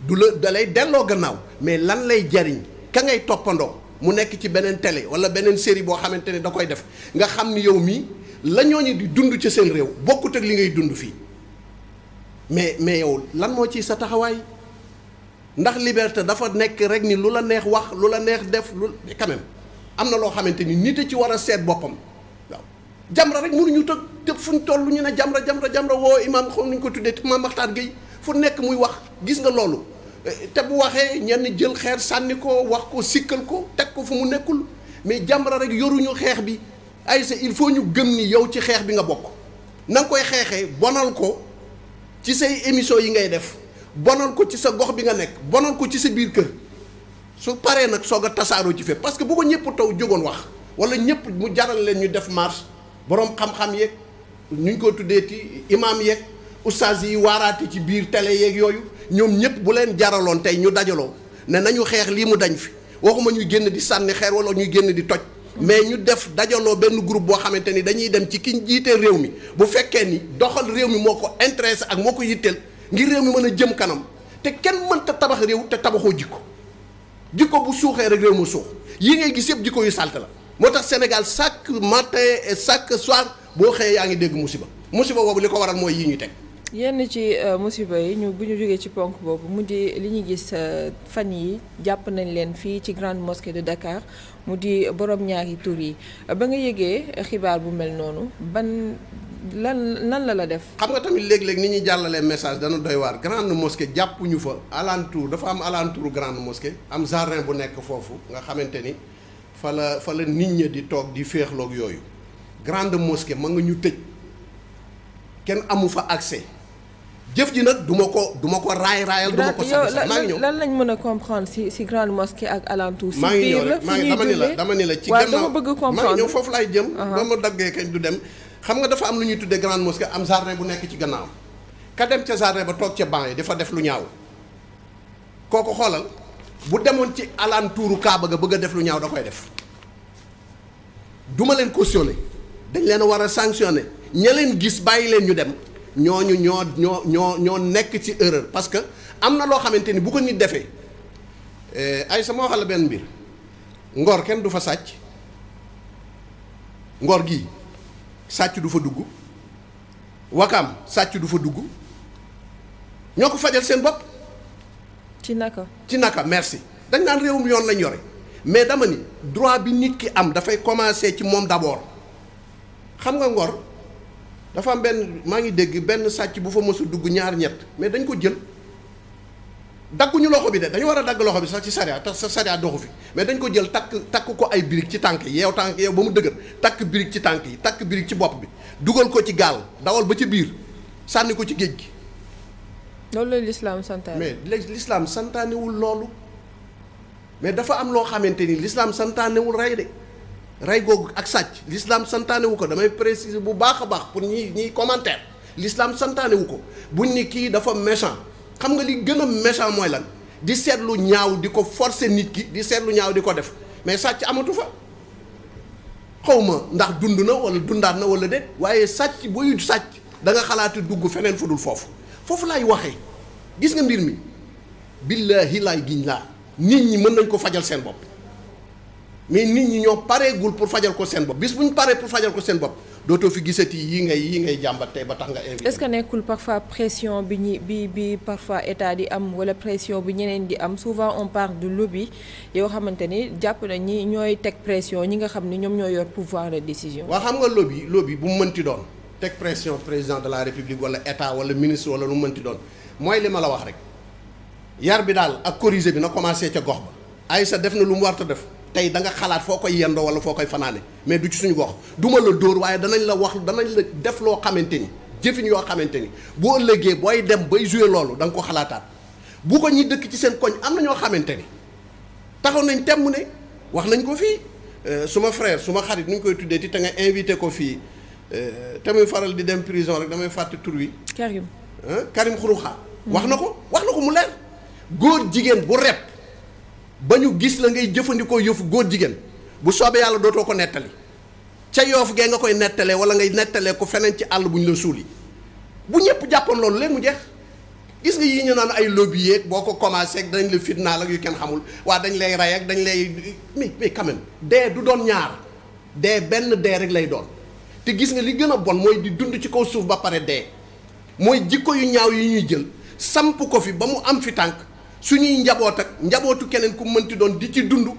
du la dalay delloo gannaaw mais lan lay jariñ ka ngay toppandoo mu nekk ci beneen tele wala beneen série boo xamante ni da koy def nga xam ni yow mii la ñooñu di dund ci seen réew bokkut ak li ngay dund fii mais mais yow lan moo ci sa taxawaay ndax liberté dafa nekk rek ni lu la neex wax lu la neex def lu am na loo xamante ni nit a ci war a seet boppam waaw jamra rek mënuñu tëg te fuñ toll ñu ne jamra jamra jamra woo imaam xam nañ ko tuddee imaam Maxtaar Gueye fu nekk muy wax gis nga loolu te bu waxee ñenn jël xeer sànni ko wax ko sikkal ko teg ko fu mu nekkul mais jamra rek yoruñu xeex bi ay sa il faut ñu gëm ni yow ci xeex bi nga bokk na koy xeexee bonal ko ci say émission yi ngay def bonal ko ci sa gox bi nga nekk bonal ko ci sa biir kër su paree nag soog a tasaaroo ci fépp parce que bu ko ñëpp taw jógoon wax wala ñëpp mu jaral leen ñu def marche boroom xam-xam yeeg ñu ñu ko tuddee ti imaam yeeg ustaas yi waaraate ci biir tele yeeg yooyu ñoom ñëpp bu leen jaraloon tey ñu dajaloo ne nañu xeex lii mu dañ fi waxuma ñuy génn di sànni xeer wala ñuy génn di toj. mais ñu def dajaloo benn groupe boo xamante ni dañuy dem ci kiñ jiite réew mi bu fekkee ni doxal réew mi moo ko intéressé ak moo ko yitteel ngir réew mi mën a jëm kanam te kenn mënta tabax réew te tabaxoo jikko jikko bu suuxee rek réew mu suux yi ngay gis yëpp jikko yu salte la moo tax Sénégal chaque matin et chaque soir boo xëyee yaa ngi dégg musiba musiba boobu li ko waral mooy yii ñu teg.
yenn ci euh, musiba yi ñu bu ñu jógee ci ponk boobu mu di li ñu gis euh, fan yi jàpp nañ leen fii ci grande mosquée de Dakar mu di borom ñaari tur yi ba nga yëgee xibaar bu mel noonu ban. lan nan la la def.
xam nga tamit léeg-léeg ni ñuy jàllalee message dana doy waar grande mosquée jàppuñu fa alentour dafa am alentour grande mosquée am jardin bu nekk foofu nga xamante ni fa la fa la nit ña di toog di féexloog yooyu grande mosquée ma nga ñu tëj kenn amu fa accès. jëf ji nag du ma ko du ko raay raayal. du ma ko sax maa ngi ñëw
lan lañ mën a comprendre si si grande mosquée ak alentour. si biir la maa ngi ñëw dama ni la dama ni la ci gannaaw waaw
bëgg comprendre maa ñëw foofu laay jëm. Uh-huh. ba ma daggee kañ du dem. xam nga dafa am lu ñuy tuddee grande mosquée am jardin bu nekk ci gannaaw ka dem ca jardin ba toog ca banc yi dafa def lu ñaaw kooku xoolal bu demoon ci alentouru Kaaba ga bëgg a def lu ñaaw da koy def duma leen cautionné dañ leen war a sanctionné ña leen gis bàyyi leen ñu dem ñooñu ñoo ñoo ñoo ñoo nekk ci erreur parce que am na loo xamante ni bu ko nit defee eh, ay sama waxal la benn mbir ngor kenn du fa sàcc ngor gii. sàcc du fa dugg wakaam sàcc du fa dugg ñoo ko fajal seen bopp. ci naka. ci naka merci dañ naan réewum yoon lañ yore mais dama ni droit bi nit ki am dafay commencer ci moom d'abord xam nga ngor dafa benn maa ngi dégg benn sàcc bu fa mës dugg ñaar ñett mais dañ ko jël. dagguñu loxo bi de dañu war a dagg loxo bi sax ci sariya sa sariya doxu fi mais dañ ko jël takk takk ko ay birig ci tànk yi yow tànk yow ba mu dëgër takk birig ci tànk yi takk birig ci bopp bi dugal ko ci gaal dawal ba ci biir sànni ko ci géej gi. loolu la lislaam santaane. mais lislaam santaanewul loolu mais dafa am loo xamante ni lislaam santaanewul rey de rey googu ak sàcc lislaam santaanewu ko damay préciser bu baax a baax pour ñi ñiy commentaire lislaam santaanewu ko buñ ni kii dafa méchant. xam nga li gën a méchant mooy lan di seetlu ñaaw di ko forcer nit ki di seetlu ñaaw di ko def mais sàcc amatu fa xawma ndax dund na wala dundaat na wala de waaye sàcc booy sàcc da nga xalaati dugg feneen fu dul foofu foofu laay waxee gis nga mbir mi billaahi laay gii laa nit ñi mën nañ ko fajal seen bopp mais nit ñi ñoo pareegul pour fajal ko seen bopp bis bu ñu paree pour fajal ko seen bopp dootoo fi gisati yi ngay yi ngay jàmbat tey ba tax nga invité. est-ce que
nekkul parfois pression bi ñu bi bi parfois état di am wala pression bi ñeneen di am souvent on part du lobby yoo xamante ni jàpp na ñi ñooy teg pression ñi nga xam ni ñoom ñoo yor pouvoir de décision. waaw
xam nga lobby lobby bu mu mënti doon teg pression président de la république wala état wala ministre wala lu mu mënti doon mooy li ma la wax rek yar bi daal ak corriger bi commencé ca gox ba. Aïssa def na lu mu war def. tey da nga xalaat foo koy yendoo wala foo koy fanaane mais du ci suñu gox duma la dóor waaye danañ la wax danañ la def loo xamante ni jëfin yoo xamante ni boo ëllëgee booy dem bay jouer loolu da nga ko xalaataat bu ko ñi dëkk ci seen koñ am na ñoo xamante ni taxaw nañ temm ne wax nañ ko fii euh, suma frère suma xarit nu ñu koy tuddee ti te nga invité ko fii euh, te muy faral di dem prison rek damay fàtte tur wi. Karim Karim Xuruxa wax na ko wax na ko mu leer góor jigéen bu rep ba ñu gis la ngay jëfandikoo yëfu góor jigéen bu soobee yàlla dootoo ko nettali ca yoof gee nga koy nettalee wala ngay nettalee ko feneen ci àll bu ñu la suuli bu ñëpp jàppoon loolu léegi mu jeex gis nga yi ñu naan ay lobby yeeg boo ko commencé ak dañ la fitnaal ak yu kenn xamul waa dañ lay rey ak dañu lay mais mais quand dee du doon ñaar dee benn dee rek lay doon te gis nga li gën a bon mooy di dund ci kaw suuf ba pare dee mooy jikko yu ñaaw yi ñuy jël samp ko fi ba mu am fi tànk suñuy njaboot ak njabootu keneen ku mënti doon di ci dundu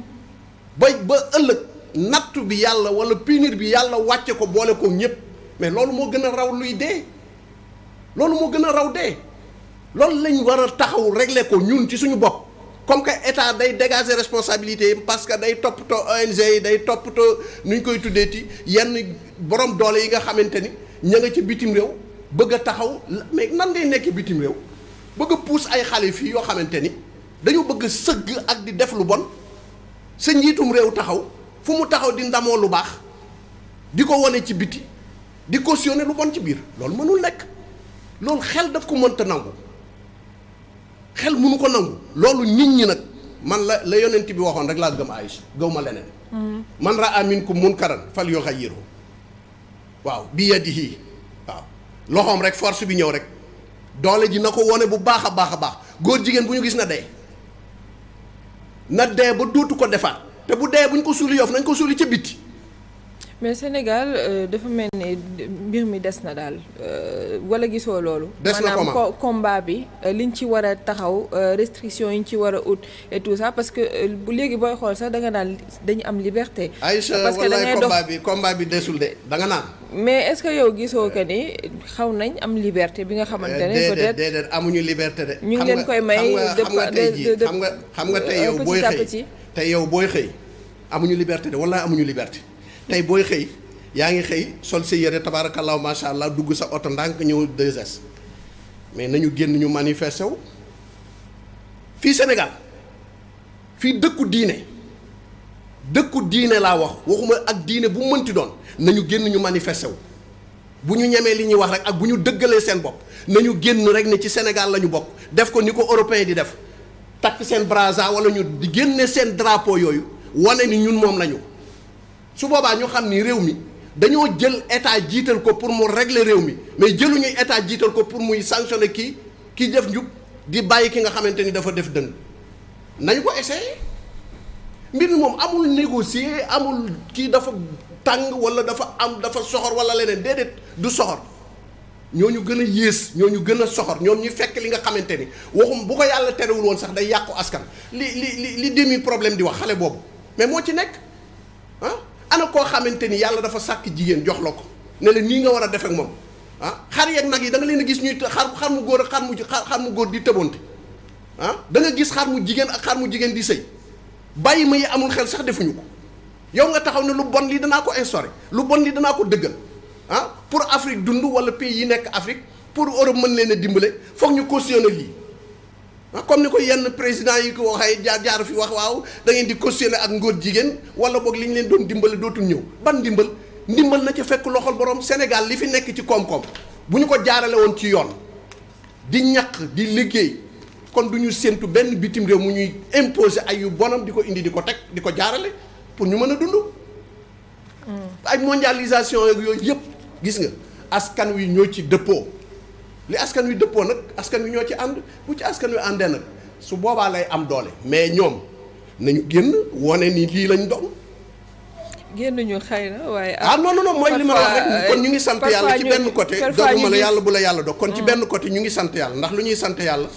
ba ba ëllëg nattu bi yàlla wala punir bi yàlla wàcce ko boole ko ñëpp mais loolu moo gën a raw luy dee loolu moo gën a raw dee loolu lañ war a taxaw régler ko ñun ci suñu bopp comme que état day dégager responsabilité parce que day toppatoo ONG yi day toppatoo nu ñu koy tuddee ci yenn borom doole yi nga xamante ni ña nga ci bitim réew bëgg a taxaw mais nan ngay nekk bitim réew. bëgg a puus ay xale fii yoo xamante ni dañu bëgg sëgg ak di def lu bon sa njiitum réew taxaw fu mu taxaw di ndamoo lu baax di ko wane ci biti di cautionné lu bon ci biir loolu mënul nekk loolu xel daf ko mënta nangu xel mënu ko nangu loolu nit ñi nag man la la yonent bi waxoon rek laa gëm Aïcha gëw ma leneen mm-hmm. man raa minkum munkaran fal yughayyirhu waaw bi yadihi waaw loxoom rek force bi ñëw rek doole ji na ko wone bu baax a baax a baax góor jigéen bu ñu gis na dee na dee ba duutu ko defaat te bu dee buñ ko suuli yoof nañ ko suuli ca biti
mais Sénégal euh, dafa mel ni mbir mi des na daal euh, wala gisoo loolu. des na maanaam combat bi li euh, liñ ci war a taxaw restriction yi ñu ci war a ut et tout ça parce que bu léegi booy xool sax danga naan dañu am liberté. parce que da ngay dox Aïcha wallaay combat
bi combat bi desul de danga naan.
mais est-ce que yow gisoo que ni xaw nañ am liberté bi nga xamante ne. Eh, peut-être
déedéet amuñu liberté de. ñu ngi leen koy may de xam nga xam nga tey yow booy xëy tey yow booy xëy amuñu liberté de wala amuñu liberté tey booy xëy yaa ngi xëy sol si yére tabaarakallaahu macha allah dugg sa oto ndànk ñëw 2S mais nañu génn ñu manifester wu fii Sénégal fii dëkku diine. dëkku diine laa wax waxuma ak diine bu mënti doon nañu génn ñu manifesté wu bu ñu ñemee li ñuy wax rek ak bu ñu dëggalee seen bopp nañu génn rek ne ci Sénégal la ñu bokk def ko ni ko européen di def takk seen brassard wala ñu di génne seen drapeau yooyu wane ni ñun moom lañu su boobaa ñu xam ni réew mi dañoo jël état jiital ko pour mu regle réew mi mais jëluñuy état jiital ko pour muy sanctionner kii kii def njub di bàyyi ki nga xamante ni dafa def dëng nañu ko essayer. mbir moom amul négocier amul kii dafa tàng wala dafa am dafa soxor wala leneen déedéet du soxor ñoo ñu gën a yées ñu gën a soxor ñoom ñu fekk li nga xamante ni waxum bu ko yàlla terewul woon sax day yàqu askan li li li li demi problème di wax xale boobu mais moo ci nekk ah ana koo xamante ni yàlla dafa sàkk jigéen jox la ko ne la nii nga war a def ak moom ah xar yeeg nag yi da nga leen a gis ñuy xar xar mu góor ak xar mu xar mu góor di tëbonte ah da nga gis xar mu jigéen ak xar jigéen di sëy bàyyi ma yi amul xel sax defuñu ko yow nga taxaw ne lu bon lii danaa ko instauré lu bon lii danaa ko dëggal ah pour Afrique dund wala pays yi nekk Afrique pour Europe mën leen a dimbale foog ñu cautionné yi ah comme ni ko yenn président yi ko waxee jaar jaar fi wax waaw dangeen di cautionné ak ngóor jigéen wala boog li ñu leen doon dimbale dootul ñëw ban dimbal ndimbal na ca fekk loxol borom Sénégal li fi nekk ci koom-koom bu ñu ko jaarale woon ci yoon di ñaq di liggéey. kon du ñu séntu benn bitim réew mu ñuy imposer ay yu bonam di ko indi di ko teg di ko jaarale pour ñu mën a dund. Hmm. ay mondialisation ak yooyu yëpp gis nga askan wi ñoo ci dëppoo li askan wi dëppoo nag askan wi ñoo ci ànd bu ci askan wi àndee nag su boobaa lay am doole mais ñoom nañu génn wane ni lii lañ doon.
génn ñu xëy na waaye. ah non non non mooy li la wax rek kon ñu ngi sant yàlla ci benn côté. parfois ñu la yàlla
bu la yàlla doog kon ci hmm. benn côté ñu ngi sant yàlla ndax lu ñuy sant yàlla.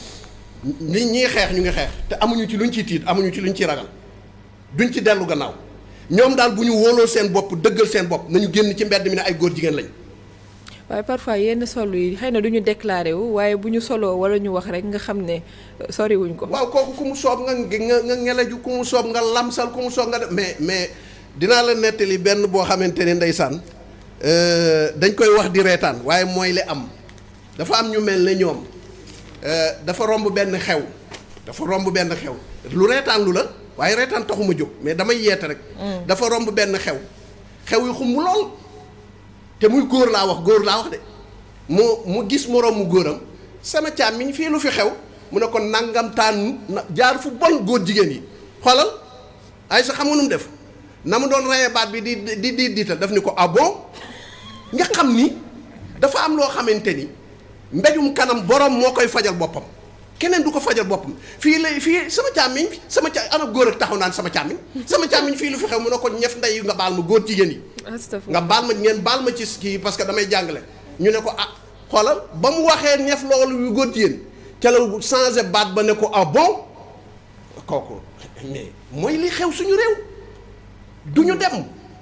nit ñiy xeex ñu ngi xeex te amuñu ci luñ ciy tiit amuñu ci lu luñ ciy ragal duñ ci dellu gannaaw ñoom daal bu ñu wóoloo seen bopp dëggal seen bopp nañu génn ci mbedd mi ne ay góor jigéen lañ.
waaye parfois yenn sol yi xëy na du ñu déclaré wu waaye bu ñu soloo wala ñu wax rek nga xam ne
euh, sori wuñ ko. waaw kooku ku mu soob nga nga nga ngelaju ku mu soob nga lamsal ku mu soob nga def mais mais dinaa la nettali benn boo xamante ne ndeysaan euh, dañ koy wax di reetaan waaye mooy li am dafa am ñu mel ñoom. Euh, dafa romb benn xew dafa romb benn xew lu reetaan lu la waaye reetaan taxuma jóg mais damay yeete rek mm. dafa romb benn xew xew yu xumb lool te muy góor laa wax góor laa wax de mu mu gis moroom mu góoram sama caam mi ñu fii lu fi xew mu ne ko nangam jaar fu bon góor jigéen yi xoolal ay sa xam nga nu def na mu doon rayee baat bi di di diital daf ni ko ah bon nga xam ni dafa am loo xamante ni mbéjum kanam borom moo koy fajal boppam keneen du ko fajal boppam fii lay fii sama càmmiñ sama ca ana góor ak taxaw naan sama càmmiñ sama càmmiñ fii lu fi xew mu ne ko ñef ndey nga baal ma góor jigéen yi nga baal ma ngeen baal ma ci kii parce que damay jàngale ñu ne ko ah xoolal ba mu waxee ñef loolu yu góor jigéen ca la changé baat ba ne ko ah bon kooku mais mooy li xew suñu réew du ñu dem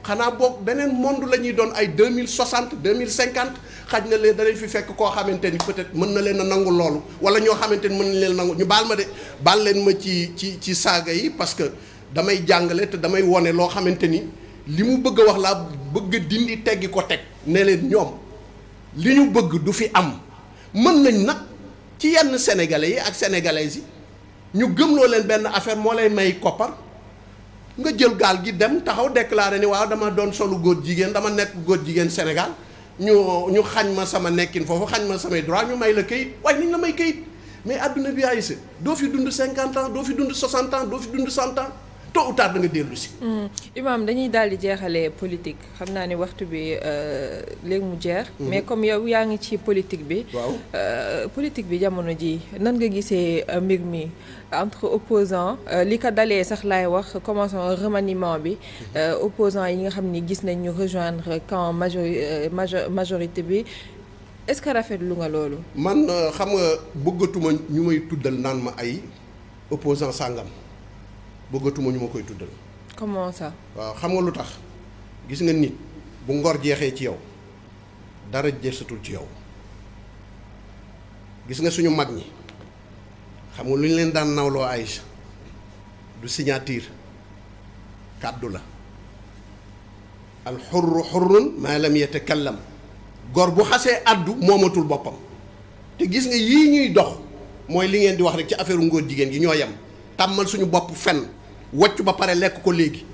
xanaa boog beneen monde la ñuy doon ay deux mille soixante deux mille cinquante xaj na leen danañ fi fekk koo xamante ni peut-être mën na leen a nangu loolu wala ñoo xamante ni mën na leen nangu ñu baal ma de baal leen ma ci ci ci saaga yi parce que damay jàngale te damay wone loo xamante ni li mu bëgg a wax laa bëgg a dindi teggi ko teg ne leen ñoom li ñu bëgg du fi am mën nañ nag ci yenn sénégalais yi ak sénégalaises yi ñu gëmloo leen benn affaire moo lay may koppar nga jël gaal gi dem taxaw déclaré ni waaw dama doon solu góor jigéen dama nekk góor jigéen Sénégal ñu ñu xañ ma sama nekkin foofu xañ ma samay droit ñu may la kayit waaye niñ la may kayit mais adduna bi ay sa doo fi dund cinquante ans doo fi dund soixante ans doo fi dund cent ans tôt ou tard da
nga hmm. dañuy daal di jeexalee politique xam naa ni waxtu bi euh, léegi mu jeex. Hmm. mais comme yow yaa ngi ci politique bi. waaw euh, politique bi jamono ji nan nga gisee euh, mbir mi entre opposants li ko dalee sax laay wax commençons remaniement bi. Hmm. opposants yi nga xam ni gis nañ ñu rejoindre camp majori majorité bi. est-ce que rafetlu nga loolu.
man xam nga bëggatuma ñu may tuddal naan ma ay opposant sàngam bëggatuma ñu ma koy tuddal. waaw xam nga lu tax gis nga nit bu ngor jeexee ci yow dara jeexatul ci yow gis nga suñu mag ñi xam nga lu leen daan nawloo Aïcha du signature kàddu la al xurru xurrun maa lam yatakallam gor bu xasee àddu moomatul boppam te gis nga yii ñuy dox mooy li ngeen di wax rek ci affaire ngóor jigéen gi ñoo yem tàmmal suñu bopp fenn wàcc ba pare lekk ko léegi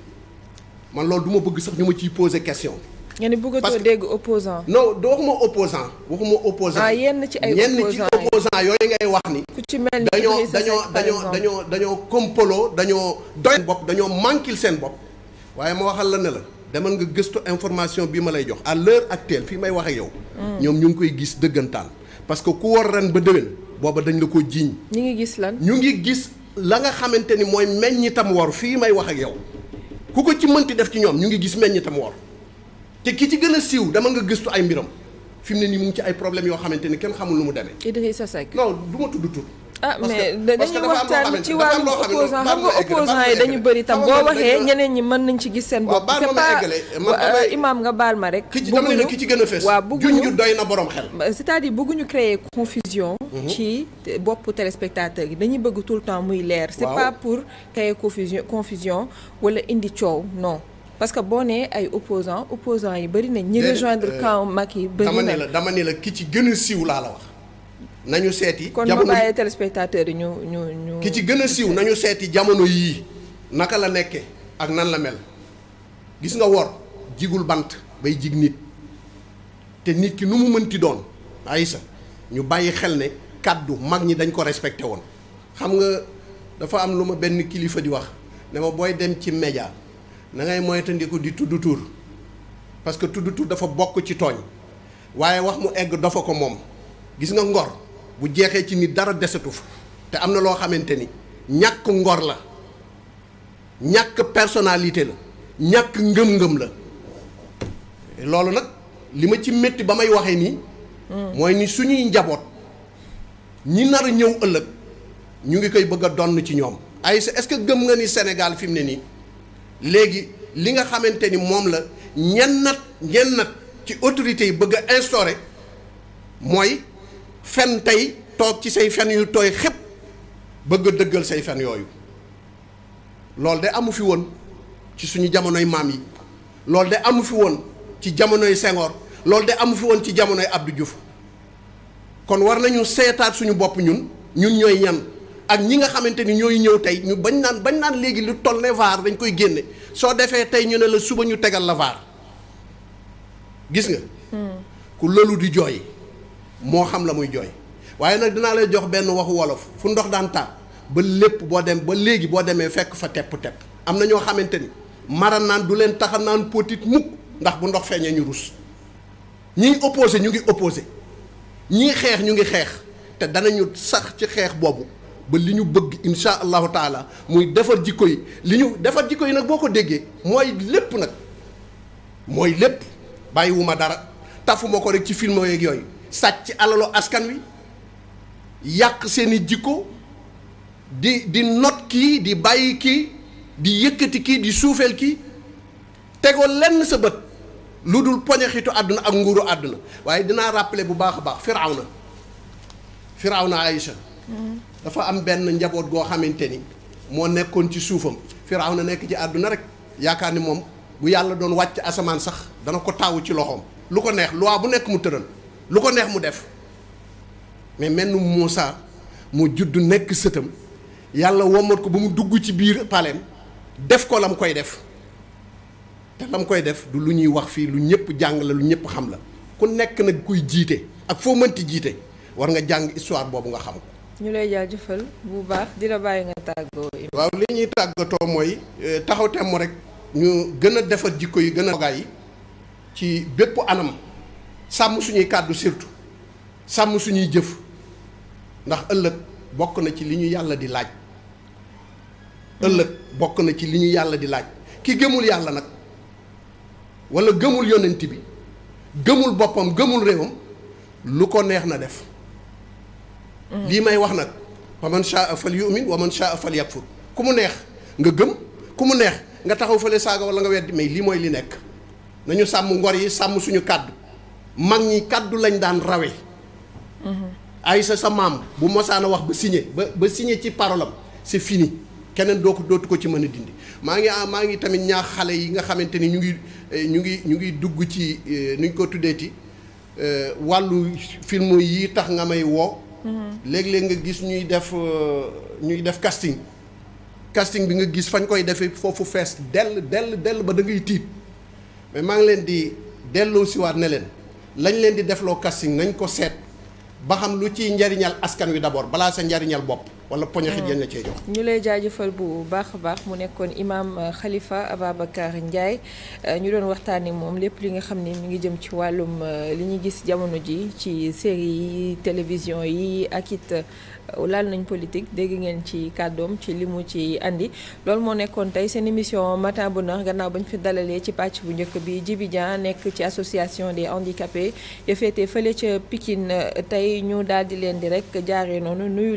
man loolu du ma bëgg sax ñu ma ciy poser question.
nga ni bëggatoo dégg opposant
non du waxuma opposant waxuma opposant ah yenn ci ay opposant yooyu ngay wax ni. ku ci mel ni dañoo dañoo dañoo dañoo dañoo kompolo dañoo doy bopp dañoo manquil seen bopp waaye ma waxal la ne la demal nga gëstu information bi ma lay jox à l'heure actuelle fii may wax ak yow. Hmm. ñoom ñu ngi koy gis dëggantaan parce que ku war ren ba déwén booba dañ la ko jiiñ. ñu ngi gis lan ñu ngi gis. la nga xamante ni mooy meññitam wor fii may wax ak yow ku ko ci mënti def ci ñoom ñu ngi gis meññitam wor te ki ci gën a siiw dama nga gëstu ay mbiram fi mu ne nii mu ngi ci ay problème yoo xamante ni kenn xamul lu mu demee. Idrissa Seck. non du ma tudd tur.
ah mais dañuy waxtaan ci wàllu opposant yi dañu bëri tam boo waxee ñeneen ñi mën nañ ci gis seen bopp c'est pas euh, imaam nga baal ma rek bëgguñu ki ci gën a fees waaw bëgguñu na borom xel c'est-à-dire bëgguñu créer confusion mhm. ci bopp téléspectateurs yi dañuy bëgg tout le temps muy leer c'est pas pour créer confusion confusion wala indi coow non parce que boo nee ay opposant opposant yi bëri nañ ñi rejoindre euh, camp Macky yi na dama ne la
dama ne la ki ci gën siiw laa la wax nañu seeti. jamono kon ma bàyyi
téléspectateur yi ñu
ñu ci gën a siiw nañu seeti jamono yii naka la nekke ak nan la mel gis nga wor jigul bant bay jig nit te nit ki nu mu mënti doon ayisa ñu bàyyi xel ne kàddu mag ñi dañ ko respecté woon xam nga dafa am lu ma benn kilifa di wax dama booy dem ci média na ngay moytandiku di tudd tur parce que tudd tur dafa bokk ci tooñ waaye wax mu egg dafa ko moom gis nga ngor bu jeexee ci nit dara desetu fa te am na loo xamante ni ñàkk ngor la ñàkk personnalité la ñàkk ngëm-ngëm la loolu nag li ma ci métti ba may waxee nii. mooy ni suñuy njaboot ñi nar a ñëw ëllëg ñu ngi koy bëgg a donn ci ñoom. ay sa est-ce que gëm nga ni Sénégal fi mu ne nii léegi li nga xamante ni moom la ñennat ñennat ci autorités yi bëgg a instauré mooy. fen tey toog ci say fen yu tooy xëpp bëgg a dëggal say fen yooyu loolu de amu fi woon ci suñu jamonoy maam yi loolu de amu fi woon ci jamonoy Senghor loolu de amu fi woon ci jamonoy Abdou Diouf kon war nañu seetaat suñu bopp ñun ñun ñooy ñan ak ñi nga xamante ni ñooy ñëw tey ñu bañ naan bañ naan léegi lu toll ne vaar dañ koy génne soo defee tey ñu ne la suba ñu tegal la vaar gis nga. Hmm. ku lëlu di jooy. moo xam la muy jooy waaye nag dinaa lay jox benn waxu wolof fu ndox daan taa ba lépp boo dem ba léegi boo demee fekk fa tepp-tepp am na ñoo xamante ni mara naan du leen taxa naan potit mukk ndax bu ndox feeñee ñu rus ñiy opposé ñu ngi opposé ñii xeex ñu ngi xeex te danañu sax ci xeex boobu ba li ñu bëgg insha allahu taala muy defar jikko yi li ñu defar jikko yi nag boo ko déggee mooy lépp nag mooy lépp bàyyiwuma dara tafuma ko rek ci film yeeg yooyu sàcc alalu askan wi yàq seeni jikko di di not kii di bàyyi kii di yëkkati kii di suufeel kii tegoo lenn sa bët lu dul poñaxitu àdduna ak nguuru àdduna waaye dinaa rappeler bu baax a baax Firawna Firawna Aïcha
mm-hmm.
dafa am benn njaboot goo xamante ni moo nekkoon ci suufam na nekk ci àdduna rek yaakaar ni moom bu yàlla doon wàcc asamaan sax dana ko taaw ci loxoom lu ko neex loi bu nekk mu tëral lu ko neex mu def mais menn Moussa mu judd nekk sëtam yàlla womat ko ba mu dugg ci biir paleem def ko lam koy def te lam koy def du lu ñuy wax fii lu ñëpp jàng la lu ñëpp xam la ku nekk nag kuy jiite ak foo mënti jiite war nga jàng histoire boobu nga xam ko.
ñu lay jaajëfal bu baax di la bàyyi nga tàggoo.
waaw li ñuy tàggatoo mooy euh, taxaw temm rek ñu gën a defar jikko yi gën a yi ci bépp anam. sàmm suñuy kàddu surtout sàmm suñuy jëf ndax ëllëg bokk na ci li ñu yàlla di laaj ëllëg bokk na ci li ñu yàlla di laaj ki gëmul yàlla nag wala gëmul yonent bi gëmul boppam gëmul réewam lu ko neex na def mm. lii may wax nag fa man shaa fal yu'min wa man shaa fal yakfur ku mu neex nga gëm ku mu neex nga taxaw fële saaga wala nga weddi mais lii mooy li nekk nañu sàmm ngor yi sàmm suñu kàddu mag ñi kàddu lañ daan rawe mhm. ay sa sa maam bu mosaan a wax ba signé ba ba ci parolam si fini keneen doo ko dootu ko ci mën a dindi maa ngi maa ngi tamit ñaax xale yi nga xamante ni ñu ngi eh, ñu ngi ñu ngi dugg ci eh, nuñ ko tuddeeti eh, wàllu film yi tax nga may woo mhm. léeg-léeg nga gis ñuy def ñuy def casting casting bi nga gis fañ koy defee foofu fees dell dell dell ba da tiit mais maa ngi leen di delloo siwaat ne leen lañ leen di defloo casting nañ ko seet ba xam lu ciy njariñal askan wi d'abord balaa sa njariñal bopp wala poñaxit hmm. yañ la cee jox.
ñu lay jaajëfal bu baax a baax mu nekkoon imaam xalifa euh, Ababacar Ndiaye euh, ñu doon waxtaanee moom lépp li nga xam ne mu ngi jëm ci wàllum euh, li ñu gis jamono ji ci série yi télévision yi ak it laal nañ politique dégg ngeen ci kàddoom ci li mu ci indi loolu moo nekkoon tey seen émission matin bonheur gannaaw ñu fi dalalee ci pàcc bu njëkk bi Djibi nekk ci association des handicapés ya féetee fële ca Pikine tey ñu daal di leen di rek jaaree noonu nuyu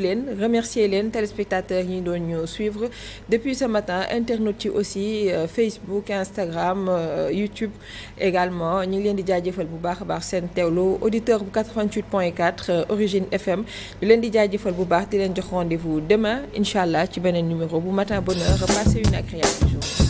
remercier leen téléspectateurs yi doon ñu suivre depuis ce matin internautes yi aussi euh, Facebook Instagram euh, YouTube également ñu ngi leen di jaajëfal bu baax a baax seen teewlu auditeur bu 88 point euh, Origine FM di leen di jaajëfal bu baax di leen jox rendez-vous demain incha allah ci beneen numéro bu matin bonheur passez une agréable journée.